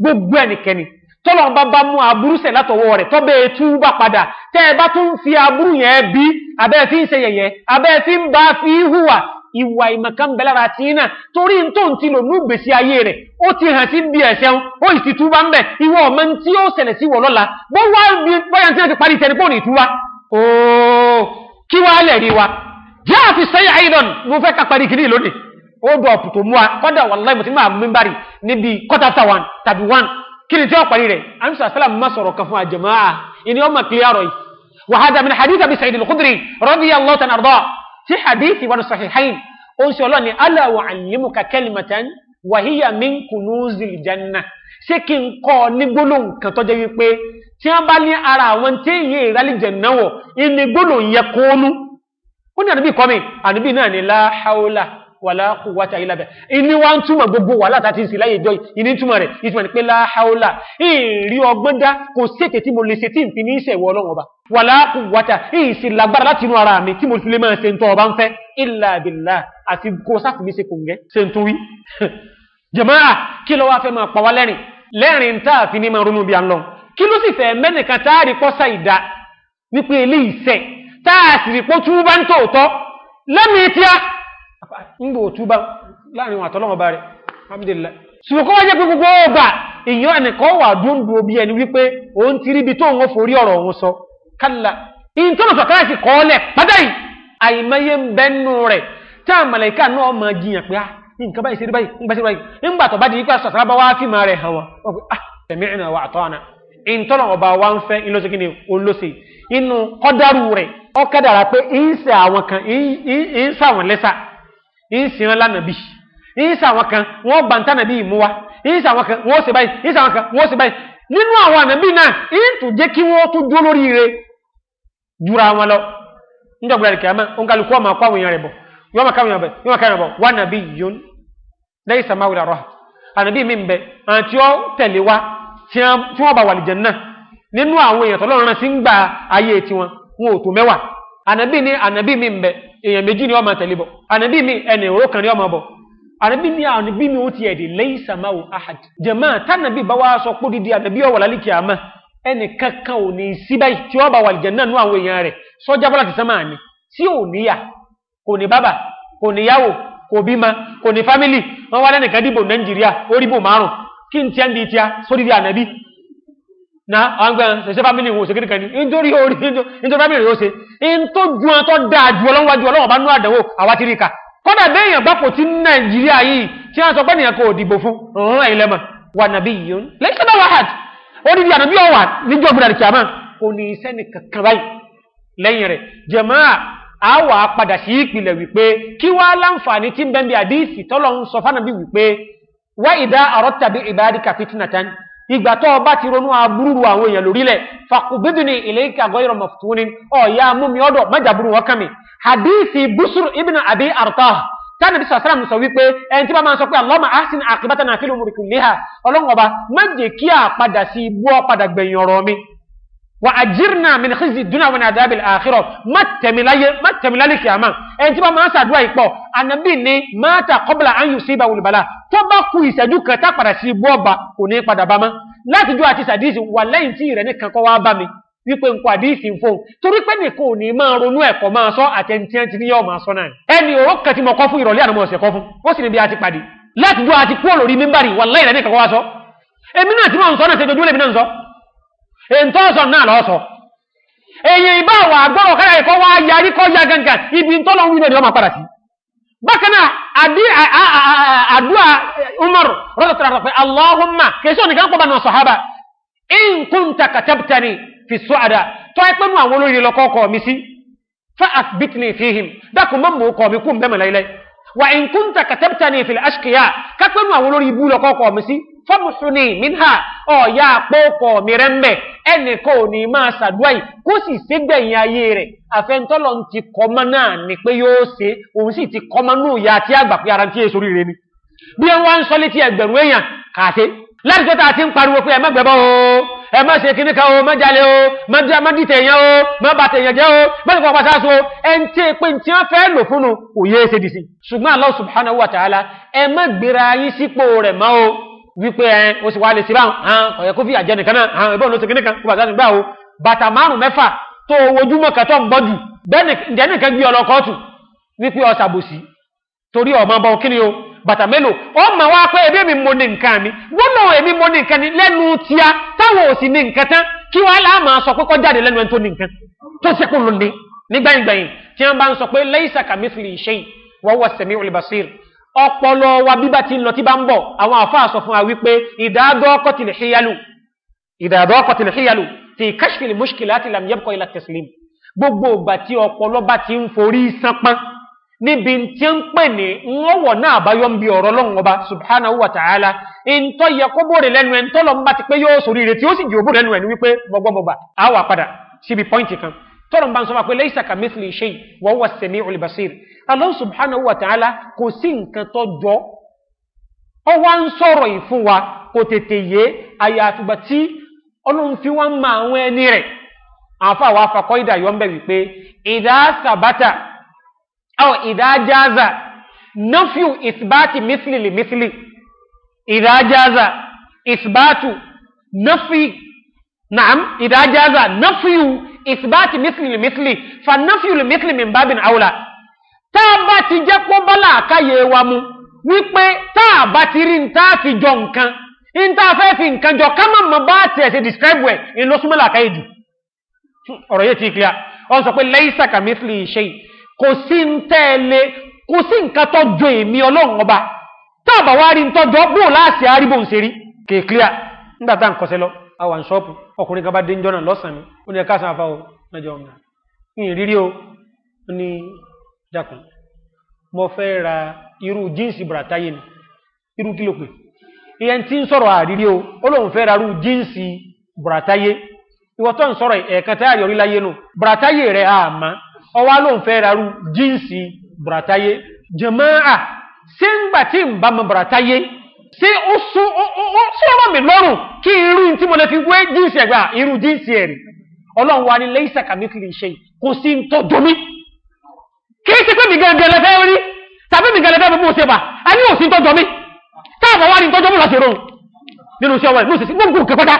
gbogbo ẹnikẹ́ni tọ́lọ̀ bá bá mú aburú sẹ̀ látọwọ́ rẹ̀ tọ́bẹ̀ tú bá padà tẹ́ ẹ bá tún fi aburú yẹn bí abẹ́ fi ń ṣe yẹ̀yẹ́ abẹ́ fi ń bá fi hùwà ìwà ìmọ̀kan bẹ̀lára tí náà torí tó ń ti lò ní ìgbésí ayé rẹ̀ ó ti hàn sí bí ẹ̀ṣẹ̀un ó sì ti túbá ń bẹ̀ ìwọ ọ̀mọ tí ó ṣẹlẹ̀ sí wọ̀ lọ́la bó wá bí bóyá tí wọ́n ti parí tẹlifóònù ìtura ooo kí wá lẹ̀ rí wa jẹ́ àfi sẹ́yìn àìdán mo fẹ́ ká parí kìíní lónìí ó dọ̀ ọ̀pù tó mú wa kọ́dà wàláì mo ti máa mú bari níbi kọ́tà after tàbí one kí ni tí wọ́n parí rẹ̀ àmísà sálàmù tí hadithi wà ní sahihain ó ń sọ ọlọ́ni ala wa allimuka kalimatan wa hiya min kunuzil janna ṣé kí n kọ́ ọ ní gbólóhùn kan tó jẹ́ wípé tí wọ́n bá ní ara àwọn tí èyí ìrálẹ̀ jẹ̀ náwọ̀ ìní gbólóhùn yẹ kóónú ó ní àdúbì kọ́mi àdúbì náà ní la hawla wàlá quwwata illa billah ìní wá ń túmọ̀ gbogbo wàhálà tá a ti ń sì láyé ìjọ ìní túmọ̀ rẹ̀ ìtumọ̀ ní pé la haula ìrí ọgbọ́n dá kò séèkè tí mo lè ṣe tí n fi ní ìṣẹ̀wọ̀ ọlọ́run ọba wàlá quwwata ìsì lágbára láti inú ara mi tí mo fi lè máa ṣe ń tọ́ ọba ń fẹ́ illa billah àti kó sáfìmí ṣe kòǹgẹ́ ṣe ń tún wí. jàmáà kí ló wá fẹ́ máa pa wá lẹ́rìn lẹ́rìn tá a fi ní máa ronú bí a ń lọ kí ló sì fẹ́ mẹ́nìkan tá a rí pọ́sà ìdá wípé eléyìí sẹ̀ tá a sì rí pọ́ túbá ń tòótọ́ lẹ́mìí tíá ńgbò túbá láàrin wọn àtọ́lọ́wọ́ bá rẹ̀ alhamdulillah ṣùgbọ́n wọ́n jẹ́ pé gbogbo ọgbà èèyàn ẹnìkan wà dúndú bí ẹni wípé òun ti ríbi tó ń forí ọ̀rọ̀ òun sọ kálá ìtọ́nà sọ̀kárà sì kọ́ lẹ̀ pátáyì àìmọye ń bẹ́nu rẹ̀ tá a màláíkà náà mọ jiyàn pé ah, nǹkan báyìí ṣe rí báyìí nǹkan ṣe rí báyìí nígbà tó bá di ipa sọ̀sọ̀rọ̀ bá wá fi máa rẹ̀ hàn wọ́n wọ́n pe ah sami'na wa ata'na ìtọ́nà ọba wa ń fẹ́ ńlọ́sẹ̀ kí ni olóṣè inú kọ́dárù rẹ̀ ọ̀kadàrà pé ń ṣe àwọn kan ń ṣàwọn lẹ́sà ìsìn wọn lánàbí ìsìn àwọn kan wọn gbà ń tànàbí na wa ìsìn àwọn kan wọn ó ṣe báyìí ìsìn àwọn kan wọn ó ṣe báyìí nínú àwọn ànàbí náà ìtù kí ire jura wọn lọ níjọba ìrìkì àmọ́ òǹkàlùkù ọmọ akọ àwọn èèyàn rẹ̀ bọ̀ yọmọ káwọn èèyàn bọ̀ yọmọ káwọn èèyàn bọ̀ wọn ànàbí yón lẹ́yìn sàmáwìl àrọ́ ànàbí mi bẹ àti ọ wa tí wọ́n bá wà náà nínú àwọn èèyàn náà ń gba ayé tiwọn èèyàn méjì ni wọ́n máa tẹ̀lé bọ̀ ànábì mi ẹnì òró kan ni wọ́n máa bọ̀ ànábì ní ànábì mi ó ti ẹ̀dì lẹ́yìn sàmáwò ahad jẹ̀mọ́ tànàbì bá wá sọ pé dídí ànábì ọ̀wọ̀ lálẹ́ kìámà ẹnì kankan ò ní sí báyìí tí wọ́n bá wà lìjẹ̀ náà nú àwọn èèyàn rẹ̀ sọ́jà bọ́lá ti sánmà ni tí ò níyà kò ní bàbà kò níyàwó kò bímọ kò ní fámìlì wọn wá lẹ́nìkan dìbò nàìjíríà ó rí bò márùn kí n tiẹ́ ń di tiẹ́ sórí di ànábì na àwọn gbẹ̀rẹ̀ ṣẹṣẹ́ fámílì wo ṣe kíríkà ní nítorí orí nítorí fámílì yóò ṣe in tó ju ọ̀n tó dáa ju ọlọ́wọ́ ju ọlọ́wọ́ bá nú àdánwò àwa ti rí ka kọ́dà béèyàn bá kò tí nàìjíríà yìí tí wọ́n sọ pé nìyẹn kò dìbò fún ọ̀hún ẹ̀yìn lẹ́mọ̀ wà nàbí yìí òun lẹ́yìn tó wà hàd orí di ànàbí ọ̀wà níjọ́ gbọdọ̀ kìámà kò ní iṣẹ́ ní kankan báyìí lẹ́yìn rẹ̀ jẹ̀máà a wà á padà sí ìpìlẹ̀ wípé kí wá láǹfààní tí ń bẹ́ẹ̀ bí àdìsí tọ́lọ́ ń sọ fánàbí wípé wá ìdá àrọ́tàbí ìbáríkà fitinatan ìgbà tó ọba ti ronú aburú àwọn èèyàn lórílẹ̀ fàkùbídùní ilayka ghayra maftunin ọ̀yà amúmi ọ̀dọ̀ májàbúrú wọn kàn mí hadithi busur ibn abi artah tani bí sàsàràm sọ wípé ẹni tí bá máa sọ pé Allahumma ahsin aqibatana fil umuri kulliha ọlọ́run ọba má jẹ́ kí àpadà sí ibú ọ̀padà gbẹ̀yìn ọ̀rọ̀ mi وأجرنا من خزي الدنيا ومن عذاب الآخرة ما تملاي ما تملاي كياما أنت ما سادوا يكبو النبي ني مات قبل أن يصيبه البلاء تبا كوي سجو كتا قد سيبوبا وني قد باما لا تجو أتي ساديز ولا ينتي رنك كان كوا بامي wípé nǹkan àdíìsì ń fóun torí pé nìkan ò ní máa ronú ẹ̀kọ́ máa sọ àtẹnitẹ́ntì ní yóò máa sọ náà ẹni òwò kan tí mo kọ́ fún ìrọ̀lẹ́ àná mo ọ̀sẹ̀ kọ́ fún ó sì ní bí a ti pàdé láti dúró àti kúrò lórí mímbàrì wà láì rẹ̀ nìkan kọ́ wá sọ èmi náà tí mò ń sọ náà ṣe jojúmọ́ lèmi náà ń sọ èntọ́sọ̀ náà lọ́sọ̀ èyàn ìbá àwọn àgbọ́rọ̀ kára ẹ̀kọ́ wá yarí kọ́ ya gangan ibi tó lọ wílẹ̀ ìrọmà padà sí bákan náà àdúrà Umar rọ́dọ̀tara rọ̀ pé Allahumma kèsọ́ nìkan pọ̀ bá náà sọ̀hábà in kunta katabtani fi su'ada tó ẹ pẹ́nu àwọn olóyè lọ́kọ́ kọ́ mi sí fa athbitni fihim dákun mọ́ mọ́ kọ́ mi kú mbẹ́mọ̀ láìláì fọ́mùsùnì mínà ọ̀yá àpòkọ̀ mìírànbẹ̀ ẹnì ò ní máa ṣàdúrà yìí kó sì ṣégbẹ̀yìn ayé rẹ̀ àfẹnutọ́lọ̀ ti kọ́mọ náà ni pé yóò ṣe òun sì ti kọ́mọ nù ya tí àgbà pé ara ti èso rire ni. bí ẹ wá ń sọ létí ẹgbẹ̀rún èèyàn kàṣe láti tó tá a ti ń pariwo pé ẹ má gbẹbọ o ẹ má ṣe kíní kan o má jalè o má dìtẹ̀ yẹn o má bàtẹ̀ yẹn jẹ́ o má nìkan pàṣẹ aṣọ ẹ ń pé tí wọ́n fẹ́ lò fún un òye ṣe dì sí. ṣùgbọ́n Allah subhanahu wa ta'ala ẹ má gbéra yín sípò rẹ̀ mọ́ o wípé ẹ o sì wá lè sí báwọn àwọn ọ̀yẹ́ kó fi àjẹ nìkan náà àwọn ìbọn ló ti kíníkan kó bàtà nígbà o bàtà márùn mẹ́fà tó owójúmọ̀ kẹtọ́ ń bọ́jù ǹjẹ́ nìkan gbé ọlọ́kọ́ọ̀tù wípé ọ̀sàbòsí torí ọmọ bọ kí ni o bàtà mélòó ó mà wá pé ebi èmi mo ní nǹkan mi wọ́n náà èmi mo ní nǹkan ni lẹ́nu tíá táwọn ò sì ní nǹkan tán kí wọ́n á là máa sọ pé kọjáde lẹ́nu ẹni tó ní nǹkan tó sẹ́kùn lónìí nígbàyìngbàyìn tí wọ́n bá ń sọ pé laysa kamithlihi shay wa huwa as-sami'ul basir ọpọlọ wa bíbá ti ń lọ tí bá ń bọ̀ àwọn àfáà sọ fún wa wípé ìdádọ́kọ̀ tilẹ̀ híyálù ìdádọ́kọ̀ tilẹ̀ híyálù ti kashfil mushkilati lam yabqa ila taslim gbogbo ìgbà tí ọpọlọ bá ti ń forí sánpán níbi tí ń pè ní ńwọ̀wọ̀ náà báyọ̀ ń bi ọ̀rọ̀ lọ́hùn ọba subhanahu wa ta'ala ìntọ́ yẹ kó Allah subhanahu wa ta'ala kò sí nǹkan tó jọ ọ wá ń sọ̀rọ̀ yìí fún wa kò tètè yé àyàfìgbà tí ọlọ́run fi wá ń ma àwọn ẹni rẹ̀ àfa àwọn afakọ́ ìdá yọ̀ ń bẹ̀ wípé ìdá sàbátà ọ̀ ìdá jáza nọ́fíù ìsìbáàtì mísìlì lè mísìlì ìdá jáza ìsìbáàtù nọ́fíì nàám ìdá jáza nọ́fíù ìsìbáàtì mísìlì mísìlì fa nọ́fíù mísìlì min babin awla. táàbá ti jẹ́ pọ́ wa mu wípé táàbá ti rí ntáàfi jọ nǹkan ntáàfẹ́ fi nǹkan jọ ká mọ̀mọ́ bá tiẹ̀ describe ẹ̀ ń lọ súnmọ́ làkáyè jù ọ̀rọ̀ yẹn ti clear ọ sọ pé laysa kamithli shay kò sí ntẹ́ẹ̀lẹ́ kò sí nǹkan tó emi èmi ọlọ́run ọba táàbà wá rí ntọ́jọ́ bó láàṣẹ clear nígbà tá à ń kọsẹ́ lọ ṣọ́ọ̀pù ọkùnrin kan bá dé ń jọ́nà lọ́sàn-án ó ní dákun mo fẹ́ ra irú jíǹsì bàtàyè ni irú kí ló pè ìyẹn tí ń sọ̀rọ̀ àrírí o ó lóun fẹ́ ra irú jíǹsì bàtàyè ìwọ́tọ̀ ń sọ̀rọ̀ ẹ̀ẹ̀kan tá a yọrí láyé nu bàtàyè rẹ̀ àmà ọwá lóun fẹ́ ra irú jíǹsì bàtàyè jẹ̀máà ṣé ń gbà tí ń bá mọ bàtàyè ṣé ó sún ó sọ̀rọ̀ mi lọ́rùn kí irú tí mo lè fi wé jíǹsì ẹ̀gbà irú jíǹsì ẹ̀rì ọlọ́run wa ni lẹ́yìn sàkàmì kìlì ṣe kì í ṣe pé mi gẹ́gẹ́ lẹ́fẹ́ rí tàbí mi gẹ́gẹ́ lẹ́fẹ́ mú ṣe bà á ní òsì tọ́jọ́ mi táàbọ̀ wá ní tọ́jọ́ mú lọ́sẹ̀ rọrùn nínú iṣẹ́ ọmọ ẹ̀ lóṣìṣẹ́ gbogbo nǹkan pátá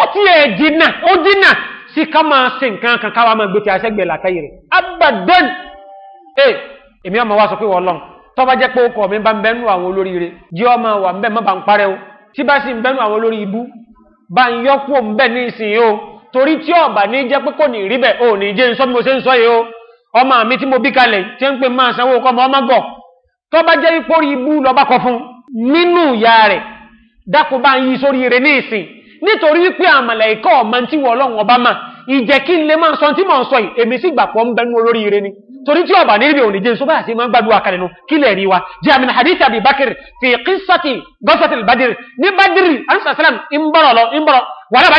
ó ti ẹ̀ dínà ó dínà sí ká máa ṣe nǹkan kan káwa máa gbé ti aṣẹ́gbẹ̀ làkàyè rẹ̀ abadan ẹ èmi ọmọ wa sọ pé wọ́n tó bá jẹ́ pé ó kọ̀ mi bá ń bẹ́nu àwọn olóríire jẹ́ ọmọ wà ń bẹ́ mọ́ bá ń parẹ́ o tí bá sì ń bẹ́nu àwọn olórí ibú bá ń yọ́pọ̀ ń bẹ̀ ní ìsìn o torí tí ọ̀bà ní jẹ́ pé kò ní rí bẹ̀ ò ní jẹ́ ń sọ bí ṣe ń sọ yìí o ọmọ mi tí mo bí kalẹ̀ tí ń pè máa sanwó kọ́ ọmọ ọmọ gọ̀ tó bá jẹ́ ìpórí ibú lọ́ba kọ fún nínú ìyá rẹ̀ dákun bá ń yí sórí rẹ̀ ní ìsìn nítorí wípé àmàlà ìkọ́ ọ̀mọ tí wọ́n ọlọ́run ọba mà ìjẹ́ kí n lè máa sọ tí mò ń sọ yìí èmi sì gbàpọ̀ ń bẹnu olórí rẹ̀ ni torí tí ọba níbi òní jésù bá sì máa gbàdúrà kalẹ̀ nu kí lè rí wa jẹ́ àmì hadith abi bakr fi qissati gọ́sọ̀tì badir ní badir ansa salam ń bọ̀rọ̀ lọ ń bọ̀rọ̀ wàhálà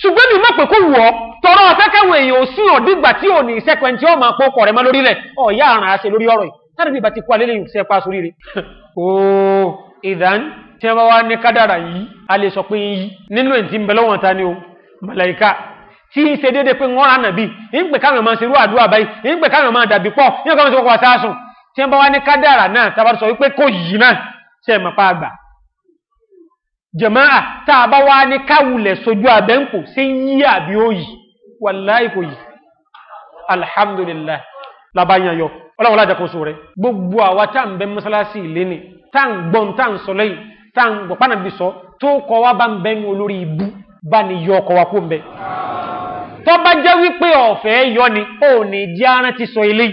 ṣùgbọ́n mi mọ̀ pé kó wọ̀ tọrọ akẹ́kẹ̀wé èèyàn ò sí hàn dígbà tí ò ní ìṣẹ́pẹ́ tí ó máa kó kọ̀rẹ́ mọ́ lórí rẹ̀ ọ̀yá àrùn àṣẹ lórí ọ̀rọ̀ yìí tàbí bí ìbá ti kó alẹ́ lẹ́yìn ìṣẹ́ pa sórí rẹ̀. ooo ìdán tí wọ́n wá ní kádàrà yìí a lè sọ pé yìí nínú èyí tí ń bẹ lọ́wọ́ ta ni o màláìka tí ń ṣe déédéé pé wọ́n rànà bí ń pè káwọn máa ṣerú àdúrà báyìí ń pè káwọn máa dàbí pọ̀ ní ọkọ̀ mi sọ pé wọ́n sá sùn tí wọ́n bá wá ní kádàrà ṣe é mọ̀ pa àgbà jẹ̀máà tá a bá wá ní káwulẹ̀ sojú abẹ́ǹkò sí yí àbí òyì wàláì kò yìí alhamdulillah labayanyọ ọlọ́run lájà kó so rẹ gbogbo àwa tá à ń bẹ mọ́sálásí ilé ni tá à ń gbọ́n tá à ń sọ lẹ́yìn tá à ń gbọ́ pánà bí sọ tó kọ wá bá ń bẹ ní olórí ibú bá ní yọ ọkọ wa kó ń bẹ. tó bá jẹ́ wípé ọ̀fẹ́ yọ ni ó ní jẹ́ arántí sọ ilé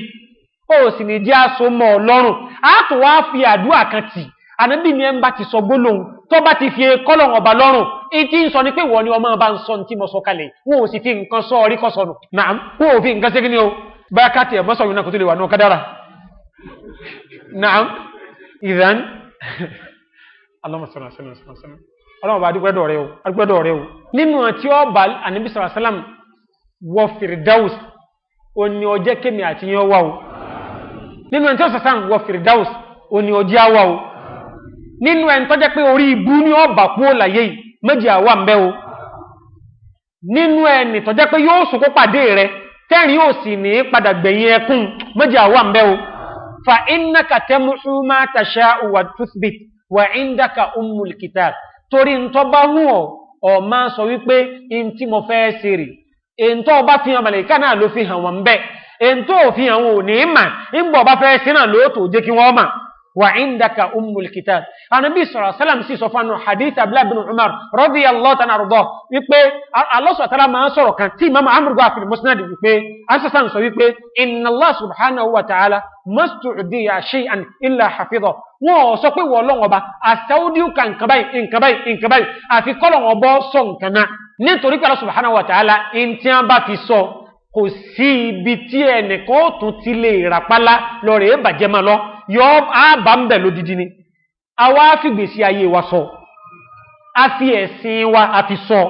ó sì ní jẹ́ aṣọ mọ́ ọlọ́run á tó wá fi àdúrà kan tì í ànábì ni ẹ ń bá ti sọ gbólóhùn tó bá ti fi kọ́lọ̀n ọba lọ́rùn èyí tí ń sọ ni pé wọ́n ni ọmọ bá ń sọ tí mo sọ kalẹ̀ wọn ò sì fi nǹkan sọ orí kọ́ sọnù náà wọn ò fi nǹkan ṣe kí ni o bá a káàtì ẹ̀bọ́n sọ̀rọ̀ náà kó tó lè wà ní ọ̀kadà rà náà ìdán ọlọ́mọba adúgbẹ́dọ̀ rẹ o adúgbẹ́dọ̀ rẹ o nínú àti ọba ànábì sọ̀rọ̀ sálám wọ fìrìdáùs òní wọ fìrìdáùs òní ọjẹ́ àwà o nínú ẹni tó jẹ́ pé orí ibú ní ọba kú yìí méjì àwa ń o nínú ẹni tó pé yóò sùn kó pàdé rẹ tẹ́rìn ò sì ní padà gbẹ̀yìn ẹkún méjì àwa ń o fa innaka tamuhu ma wa indaka torí ntọ́ bá hùn máa sọ wípé ntí mo fẹ́ ṣe rè ọba fi hàn màlẹ́kà náà ló fi hàn wọ́n wa indaka ummul kitab anabi sallallahu alaihi wasallam sì sọ fanu hadith abla ibn umar radiyallahu ta'ala arda wí pé allah subhanahu wa ta'ala máa sọ̀rọ̀ kan tí imam amr go afil musnad wí pé asasan sọ wí pé inna allah subhanahu wa ta'ala mastu'di shay'an illa hafidha wọ́n sọ pé wo lohun ọba asaudi kan kan báyìí nǹkan báyìí nǹkan báyìí àfi ko lohun ọba sọ nǹkan náà nítorí pé allah subhanahu wa ta'ala in tí an bá fi sọ kò sí ibi tí ẹnìkan ó tún ti lè ràpálá lọ rèé bàjẹ́ máa lọ yọ àbá ń bẹ̀ lódidi ni àwa fi gbèsè ayé wa sọ a fi ẹ̀sìn wa a fi sọ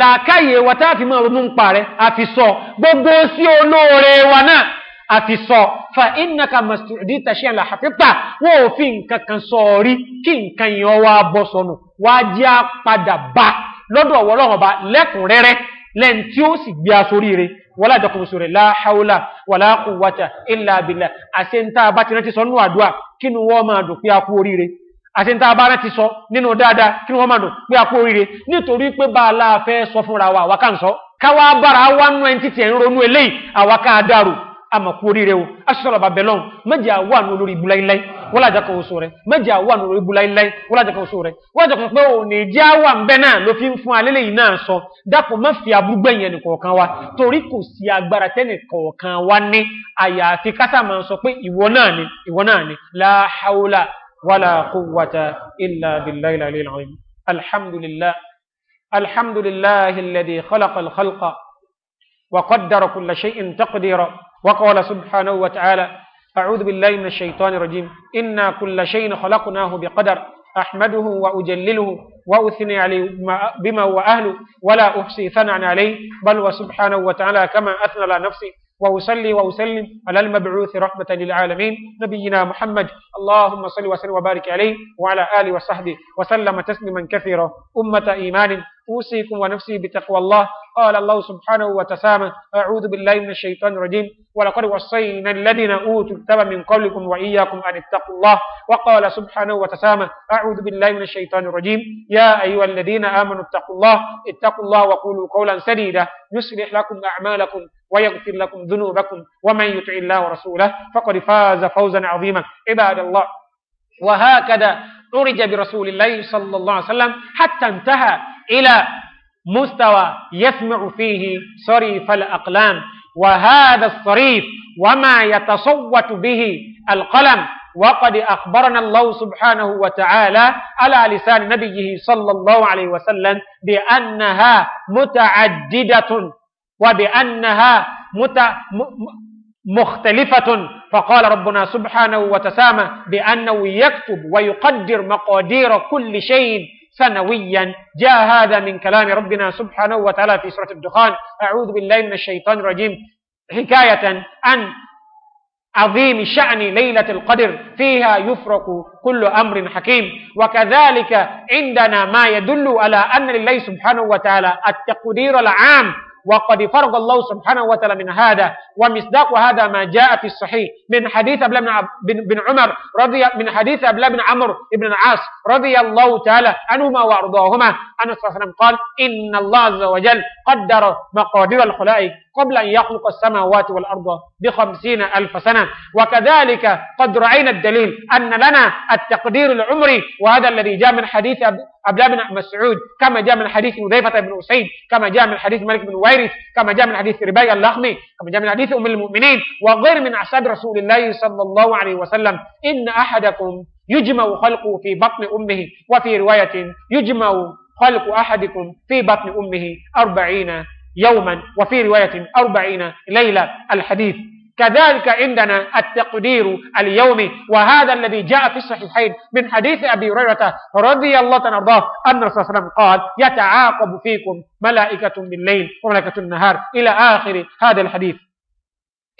làákàyè wa tá a fi máa ronú pa rẹ a fi sọ gbogbo sí olóore wa náà a fi sọ fa innaka masudi tashiyan la hafita wọn ò fi nǹkan kan sọ rí kí nǹkan yẹn wá bọ́ sọnù wá jẹ́ àpadà bá lọ́dọ̀ ọ̀wọ́ lẹ́kùnrẹ́rẹ́ lẹ́yìn tí ó sì gbé aṣọ oríire wọ́lá ìjọkùnmùsùn rẹ̀ láháúlà wàláhùwàtà ìlàbìlà àṣíntà bá ti rántí sọ nínú àdúà kí ni wọ́n máa dùn pé a kú oríire àṣíntà bá rántí sọ nínú dáadáa kí ni wọ́n máa dùn pé a kú oríire nítorí pé bá aláàfẹ́ sọ fúnra wa àwákà ń sọ káwá bára wá nú ẹ̀ ń ronú eléyìí àwákà dàrú àmàkú oríire o aṣọ́rọ̀ bàbẹ̀ lọ́hùn mẹ́jẹ̀ àwọn àánú olórí ibu láíláí wọ́n lájà kan oṣù rẹ̀ mẹ́jẹ̀ àwọn àánú olórí ibu láíláí wọ́n lájà kan oṣù rẹ̀ wọ́n lájà kan pé ò ní jẹ́ àwà ń bẹ́ náà ló fi ń fún alẹ́lẹ́ yìí náà sọ dápò má fi abúgbẹ̀yìn ẹnì kọ̀ọ̀kan wa torí kò sí agbára tẹ́nì kọ̀ọ̀kan wa ní àyàfi kásà máa sọ pé ìwọ náà ni ìwọ náà ni la hawla wala quwwata illa billahi al alhamdulillah وقدر كل شيء تقديرا وقال سبحانه وتعالى أعوذ بالله من الشيطان الرجيم إنا كل شيء خلقناه بقدر أحمده وأجلله وأثني عليه بما هو أهله ولا أحصي ثنعا عليه بل وسبحانه وتعالى كما أثنى على نفسي وأصلي وأسلم على المبعوث رحمة للعالمين نبينا محمد اللهم صل وسلم وبارك عليه وعلى آله وصحبه وسلم تسليما كثيرا أمة إيمان أوصيكم ونفسي بتقوى الله قال الله سبحانه وتسامى أعوذ بالله من الشيطان الرجيم ولقد وصينا الذين أوتوا الكتاب من قبلكم وإياكم أن اتقوا الله وقال سبحانه وتسامى أعوذ بالله من الشيطان الرجيم يا أيها الذين آمنوا اتقوا الله اتقوا الله وقولوا قولا سديدا يصلح لكم أعمالكم ويغفر لكم ذنوبكم ومن يطع الله ورسوله فقد فاز فوزا عظيما عباد الله وهكذا أرج برسول الله صلى الله عليه وسلم حتى انتهى إلى مستوى يسمع فيه صريف الأقلام وهذا الصريف وما يتصوت به القلم وقد أخبرنا الله سبحانه وتعالى على لسان نبيه صلى الله عليه وسلم بأنها متعددة وبأنها مت... مختلفة فقال ربنا سبحانه وتسامى بأنه يكتب ويقدر مقادير كل شيء سنويا جاء هذا من كلام ربنا سبحانه وتعالى في سورة الدخان أعوذ بالله من الشيطان الرجيم حكاية عن عظيم شأن ليلة القدر فيها يفرق كل أمر حكيم وكذلك عندنا ما يدل على أن لله سبحانه وتعالى التقدير العام وقد فرض الله سبحانه وتعالى من هذا ومصداق هذا ما جاء في الصحيح من حديث أبلا بن عمر رضي من حديث أبلا بن عمرو بن العاص رضي الله تعالى عنهما وأرضاهما أن صلى الله عليه وسلم قال إن الله عز وجل قدر مقادير الخلائق قبل أن يخلق السماوات والأرض بخمسين ألف سنة وكذلك قد رأينا الدليل أن لنا التقدير العمري وهذا الذي جاء من حديث أبلا بن مسعود كما جاء من حديث مذيفة بن أسيد كما جاء من حديث مالك بن ويرث كما جاء من حديث رباية اللخمي كما جاء من حديث أم المؤمنين وغير من أصحاب رسول الله صلى الله عليه وسلم إن أحدكم يجمع خلقه في بطن أمه وفي رواية يجمع خلق أحدكم في بطن أمه أربعين يوما وفي رواية أربعين ليلة الحديث كذلك عندنا التقدير اليومي وهذا الذي جاء في الصحيحين من حديث أبي هريرة رضي الله عنه أرضاه أن الرسول صلى الله عليه وسلم قال يتعاقب فيكم ملائكة بالليل وملائكة النهار إلى آخر هذا الحديث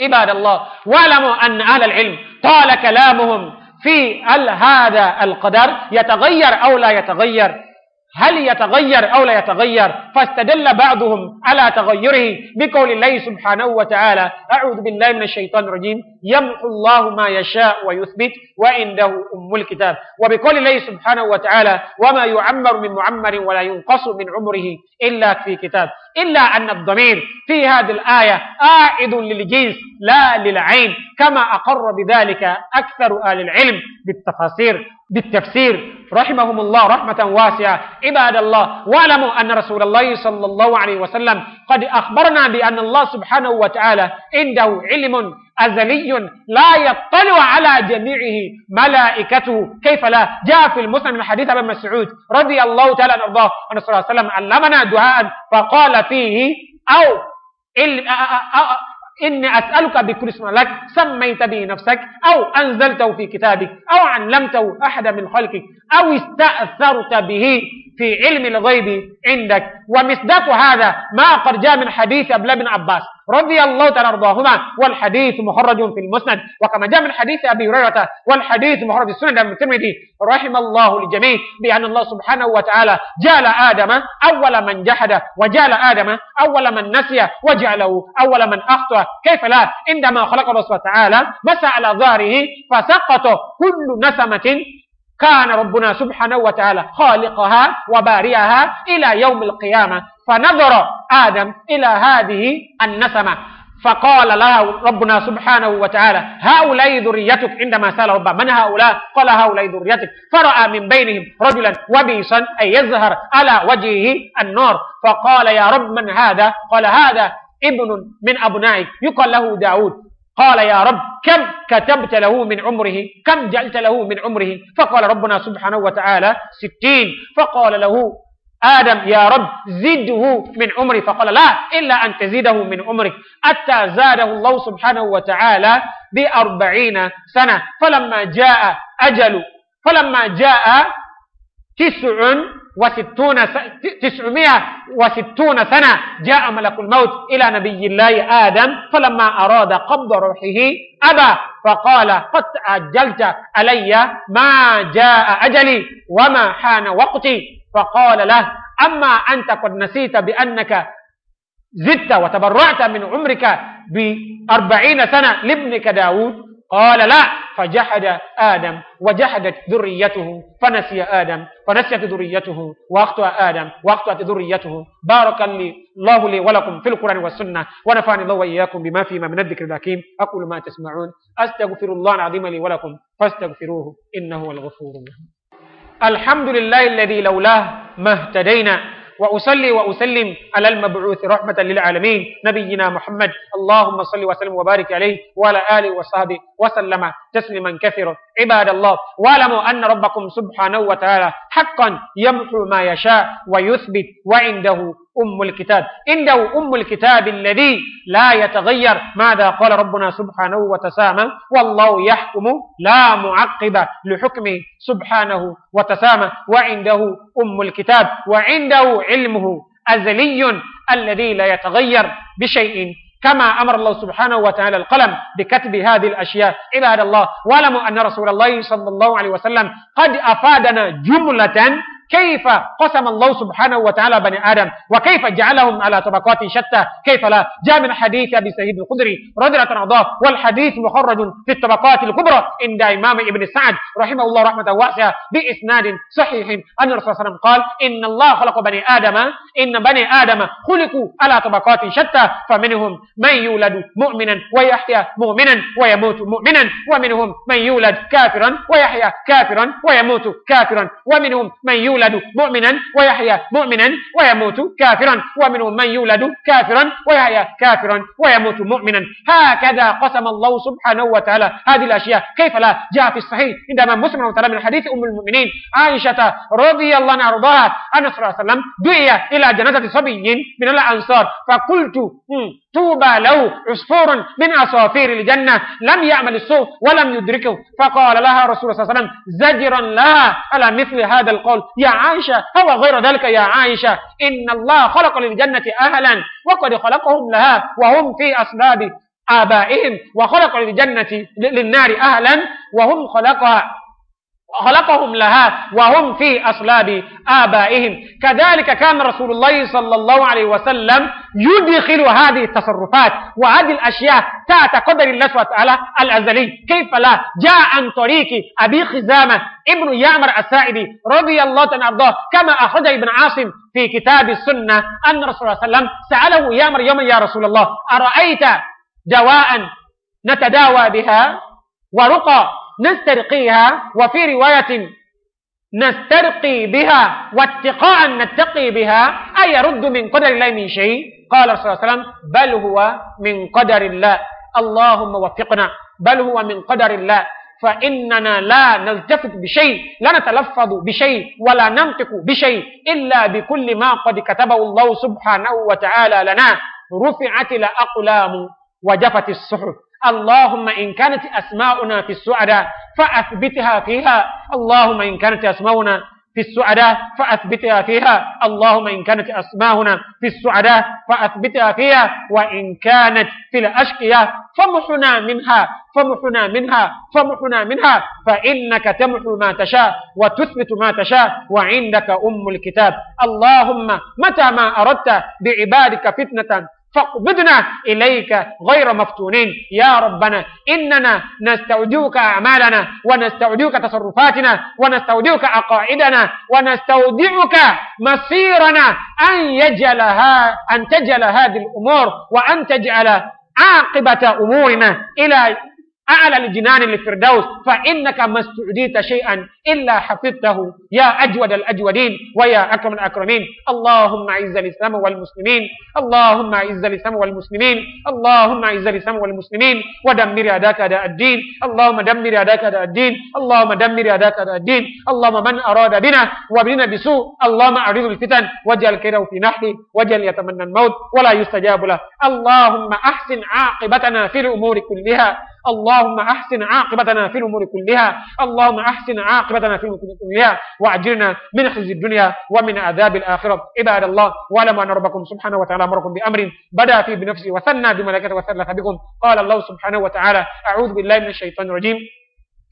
عباد الله واعلموا أن أهل العلم طال كلامهم في هل هذا القدر يتغير أو لا يتغير هل يتغير أو لا يتغير فاستدل بعضهم على تغيره بقول الله سبحانه وتعالى أعوذ بالله من الشيطان الرجيم يمحو الله ما يشاء ويثبت وعنده أم الكتاب وبقول الله سبحانه وتعالى وما يعمر من معمر ولا ينقص من عمره إلا في كتاب إلا أن الضمير في هذه الآية آئد للجنس لا للعين كما أقر بذلك أكثر أهل العلم بالتفاسير بالتفسير رحمهم الله رحمة واسعة عباد الله واعلموا أن رسول الله صلى الله عليه وسلم قد أخبرنا بأن الله سبحانه وتعالى عنده علم أزلي لا يطلع على جميعه ملائكته كيف لا جاء في المسلم من حديث أبي مسعود رضي الله تعالى عنه الله أن صلى الله عليه وسلم علمنا دعاء فقال فيه أو إني أسألك بكل اسم لك سميت به نفسك أو أنزلته في كتابك أو علمته أحد من خلقك أو استأثرت به في علم الغيب عندك ومصداق هذا ما قد جاء من حديث أبلا بن عباس رضي الله تعالى عنهما والحديث مخرج في المسند وكما جاء من حديث أبي هريرة والحديث مخرج السنن من الترمذي رحم الله الجميع بأن الله سبحانه وتعالى جعل آدم أول من جحد وجعل آدم أول من نسي وجعله أول من أخطأ كيف لا عندما خلق الله سبحانه وتعالى مسى على ظهره فسقط كل نسمة كان ربنا سبحانه وتعالى خالقها وبارئها إلى يوم القيامة فنظر آدم إلى هذه النسمة فقال له ربنا سبحانه وتعالى هؤلاء ذريتك عندما سأل ربه من هؤلاء قال هؤلاء ذريتك فرأى من بينهم رجلا وبيسا أن يظهر على وجهه النار فقال يا رب من هذا قال هذا ابن من أبنائك يقال له داود قال يا رب كم كتبت له من عمره كم جعلت له من عمره فقال ربنا سبحانه وتعالى ستين فقال له آدم يا رب زده من عمري فقال لا إلا أن تزيده من عمرك حتى زاده الله سبحانه وتعالى بأربعين سنة فلما جاء أجل فلما جاء تسع وستون تسعمائة وستون سنة جاء ملك الموت إلى نبي الله آدم فلما أراد قبض روحه أبى فقال قد تعجلت علي ما جاء أجلي وما حان وقتي فقال له أما أنت قد نسيت بأنك زدت وتبرعت من عمرك بأربعين سنة لابنك داود قال لا فجحد آدم وجحدت ذريته فنسي آدم فنسيت ذريته وأخطأ آدم وأخطأت ذريته بارك لي الله لي ولكم في القرآن والسنة ونفعني الله وإياكم بما فيما من الذكر الحكيم أقول ما تسمعون أستغفر الله العظيم لي ولكم فاستغفروه إنه هو الغفور الرحيم الحمد لله الذي لولاه ما اهتدينا وأصلي وأسلم على المبعوث رحمة للعالمين نبينا محمد اللهم صل وسلم وبارك عليه وعلى آله وصحبه وسلم تسليما كثيرا عباد الله واعلموا أن ربكم سبحانه وتعالى حقا يمحو ما يشاء ويثبت وعنده أم الكتاب إنه أم الكتاب الذي لا يتغير ماذا قال ربنا سبحانه وتسامى والله يحكم لا معقب لحكمه سبحانه وتسامى وعنده أم الكتاب وعنده علمه أزلي الذي لا يتغير بشيء كما أمر الله سبحانه وتعالى القلم بكتب هذه الأشياء عباد الله واعلموا أن رسول الله صلى الله عليه وسلم قد أفادنا جملة كيف قسم الله سبحانه وتعالى بني آدم وكيف جعلهم على طبقات شتى كيف لا جاء من حديث أبي سعيد الخدري رضي الله عنه والحديث مخرج في الطبقات الكبرى عند إمام ابن سعد رحمه الله رحمة واسعة بإسناد صحيح أن الرسول صلى الله عليه وسلم قال إن الله خلق بني آدم إن بني آدم خلقوا على طبقات شتى فمنهم من يولد مؤمنا ويحيا مؤمنا ويموت مؤمنا ومنهم من يولد كافرا ويحيا كافرا ويموت كافرا ومنهم من يولد يولد مؤمنا ويحيا مؤمنا ويموت كافرا ومنهم من يولد كافرا ويحيا كافرا ويموت مؤمنا هكذا قسم الله سبحانه وتعالى هذه الأشياء كيف لا جاء في الصحيح عندما مسلم وتعالى من حديث أم المؤمنين عائشة رضي الله عنها رضاها أن صلى الله عليه وسلم دعي إلى جنازة صبي من الأنصار فقلت طوبى له عصفور من عصافير الجنة لم يعمل السوء ولم يدركه فقال لها رسول الله صلى الله عليه وسلم زجرا لها على مثل هذا القول يا يا عائشة أو غير ذلك يا عائشة إن الله خلق للجنة أهلا وقد خلقهم لها وهم في أسباب آبائهم وخلق للجنة للنار أهلا وهم خلقها خلقهم لها وهم في أصلاب آبائهم كذلك كان رسول الله صلى الله عليه وسلم يدخل هذه التصرفات وهذه الأشياء تحت قدر الله سبحانه وتعالى الأزلي كيف لا جاء عن طريق أبي خزامة ابن يعمر السائدي رضي الله تعالى عنه كما أخرج ابن عاصم في كتاب السنة أن رسول الله صلى الله عليه وسلم سأله يعمر يوما يا رسول الله أرأيت دواء نتداوى بها ورقى نسترقيها وفي رواية نسترقي بها واتقاء نتقي بها أي يرد من قدر الله من شيء قال صلى الله عليه وسلم بل هو من قدر الله اللهم وفقنا بل هو من قدر الله فإننا لا نلتفت بشيء لا نتلفظ بشيء ولا ننطق بشيء إلا بكل ما قد كتبه الله سبحانه وتعالى لنا رفعت الأقلام وجفت الصحف اللهم إن كانت أسماؤنا في السعداء فأثبتها فيها اللهم إن كانت أسماؤنا في السعداء فأثبتها فيها اللهم إن كانت أسماؤنا في السعداء فأثبتها فيها وإن كانت في الأشقياء فمحنا منها فمحنا منها فمحنا منها فإنك تمحو ما تشاء وتثبت ما تشاء وعندك أم الكتاب اللهم متى ما أردت بعبادك فتنة فاقبضنا إليك غير مفتونين يا ربنا إننا نستودعك أعمالنا ونستودعك تصرفاتنا ونستودعك عقائدنا ونستودعك مصيرنا أن يجعلها أن تجعل هذه الأمور وأن تجعل عاقبة أمورنا إلى أعلى الجنان للفردوس فإنك ما استعديت شيئا إلا حفظته يا أجود الأجودين ويا أكرم الأكرمين اللهم أعز الإسلام والمسلمين اللهم أعز الإسلام والمسلمين اللهم أعز الإسلام والمسلمين ودمر أداك أداء الدين اللهم دمر أداك أداء الدين اللهم دمر أداك أداء الدين اللهم من أراد بنا وبنا بسوء اللهم أعرض الفتن واجعل كيده في نحره واجعل يتمنى الموت ولا يستجاب له اللهم أحسن عاقبتنا في الأمور كلها اللهم أحسن عاقبتنا في الأمور كلها اللهم أحسن عاقبتنا في الأمور كلها وأجرنا من خزي الدنيا ومن عذاب الآخرة عباد الله ولم أن ربكم سبحانه وتعالى أمركم بأمر بدأ فيه بنفسه وثنى بملائكته وثلث بكم قال الله سبحانه وتعالى أعوذ بالله من الشيطان الرجيم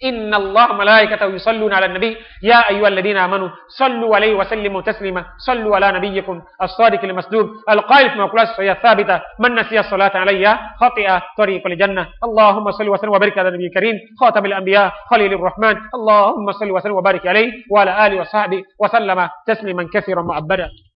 إن الله ملائكته يصلون على النبي يا أيها الذين آمنوا صلوا عليه وسلموا تسليما صلوا على نبيكم الصادق المسدود القائل في مقولات الصحيحة الثابتة من نسي الصلاة علي خطئ طريق الجنة اللهم صل وسلم وبارك على النبي الكريم خاتم الأنبياء خليل الرحمن اللهم صل وسلم وبارك عليه وعلى آله وصحبه وسلم تسليما كثيرا معبدا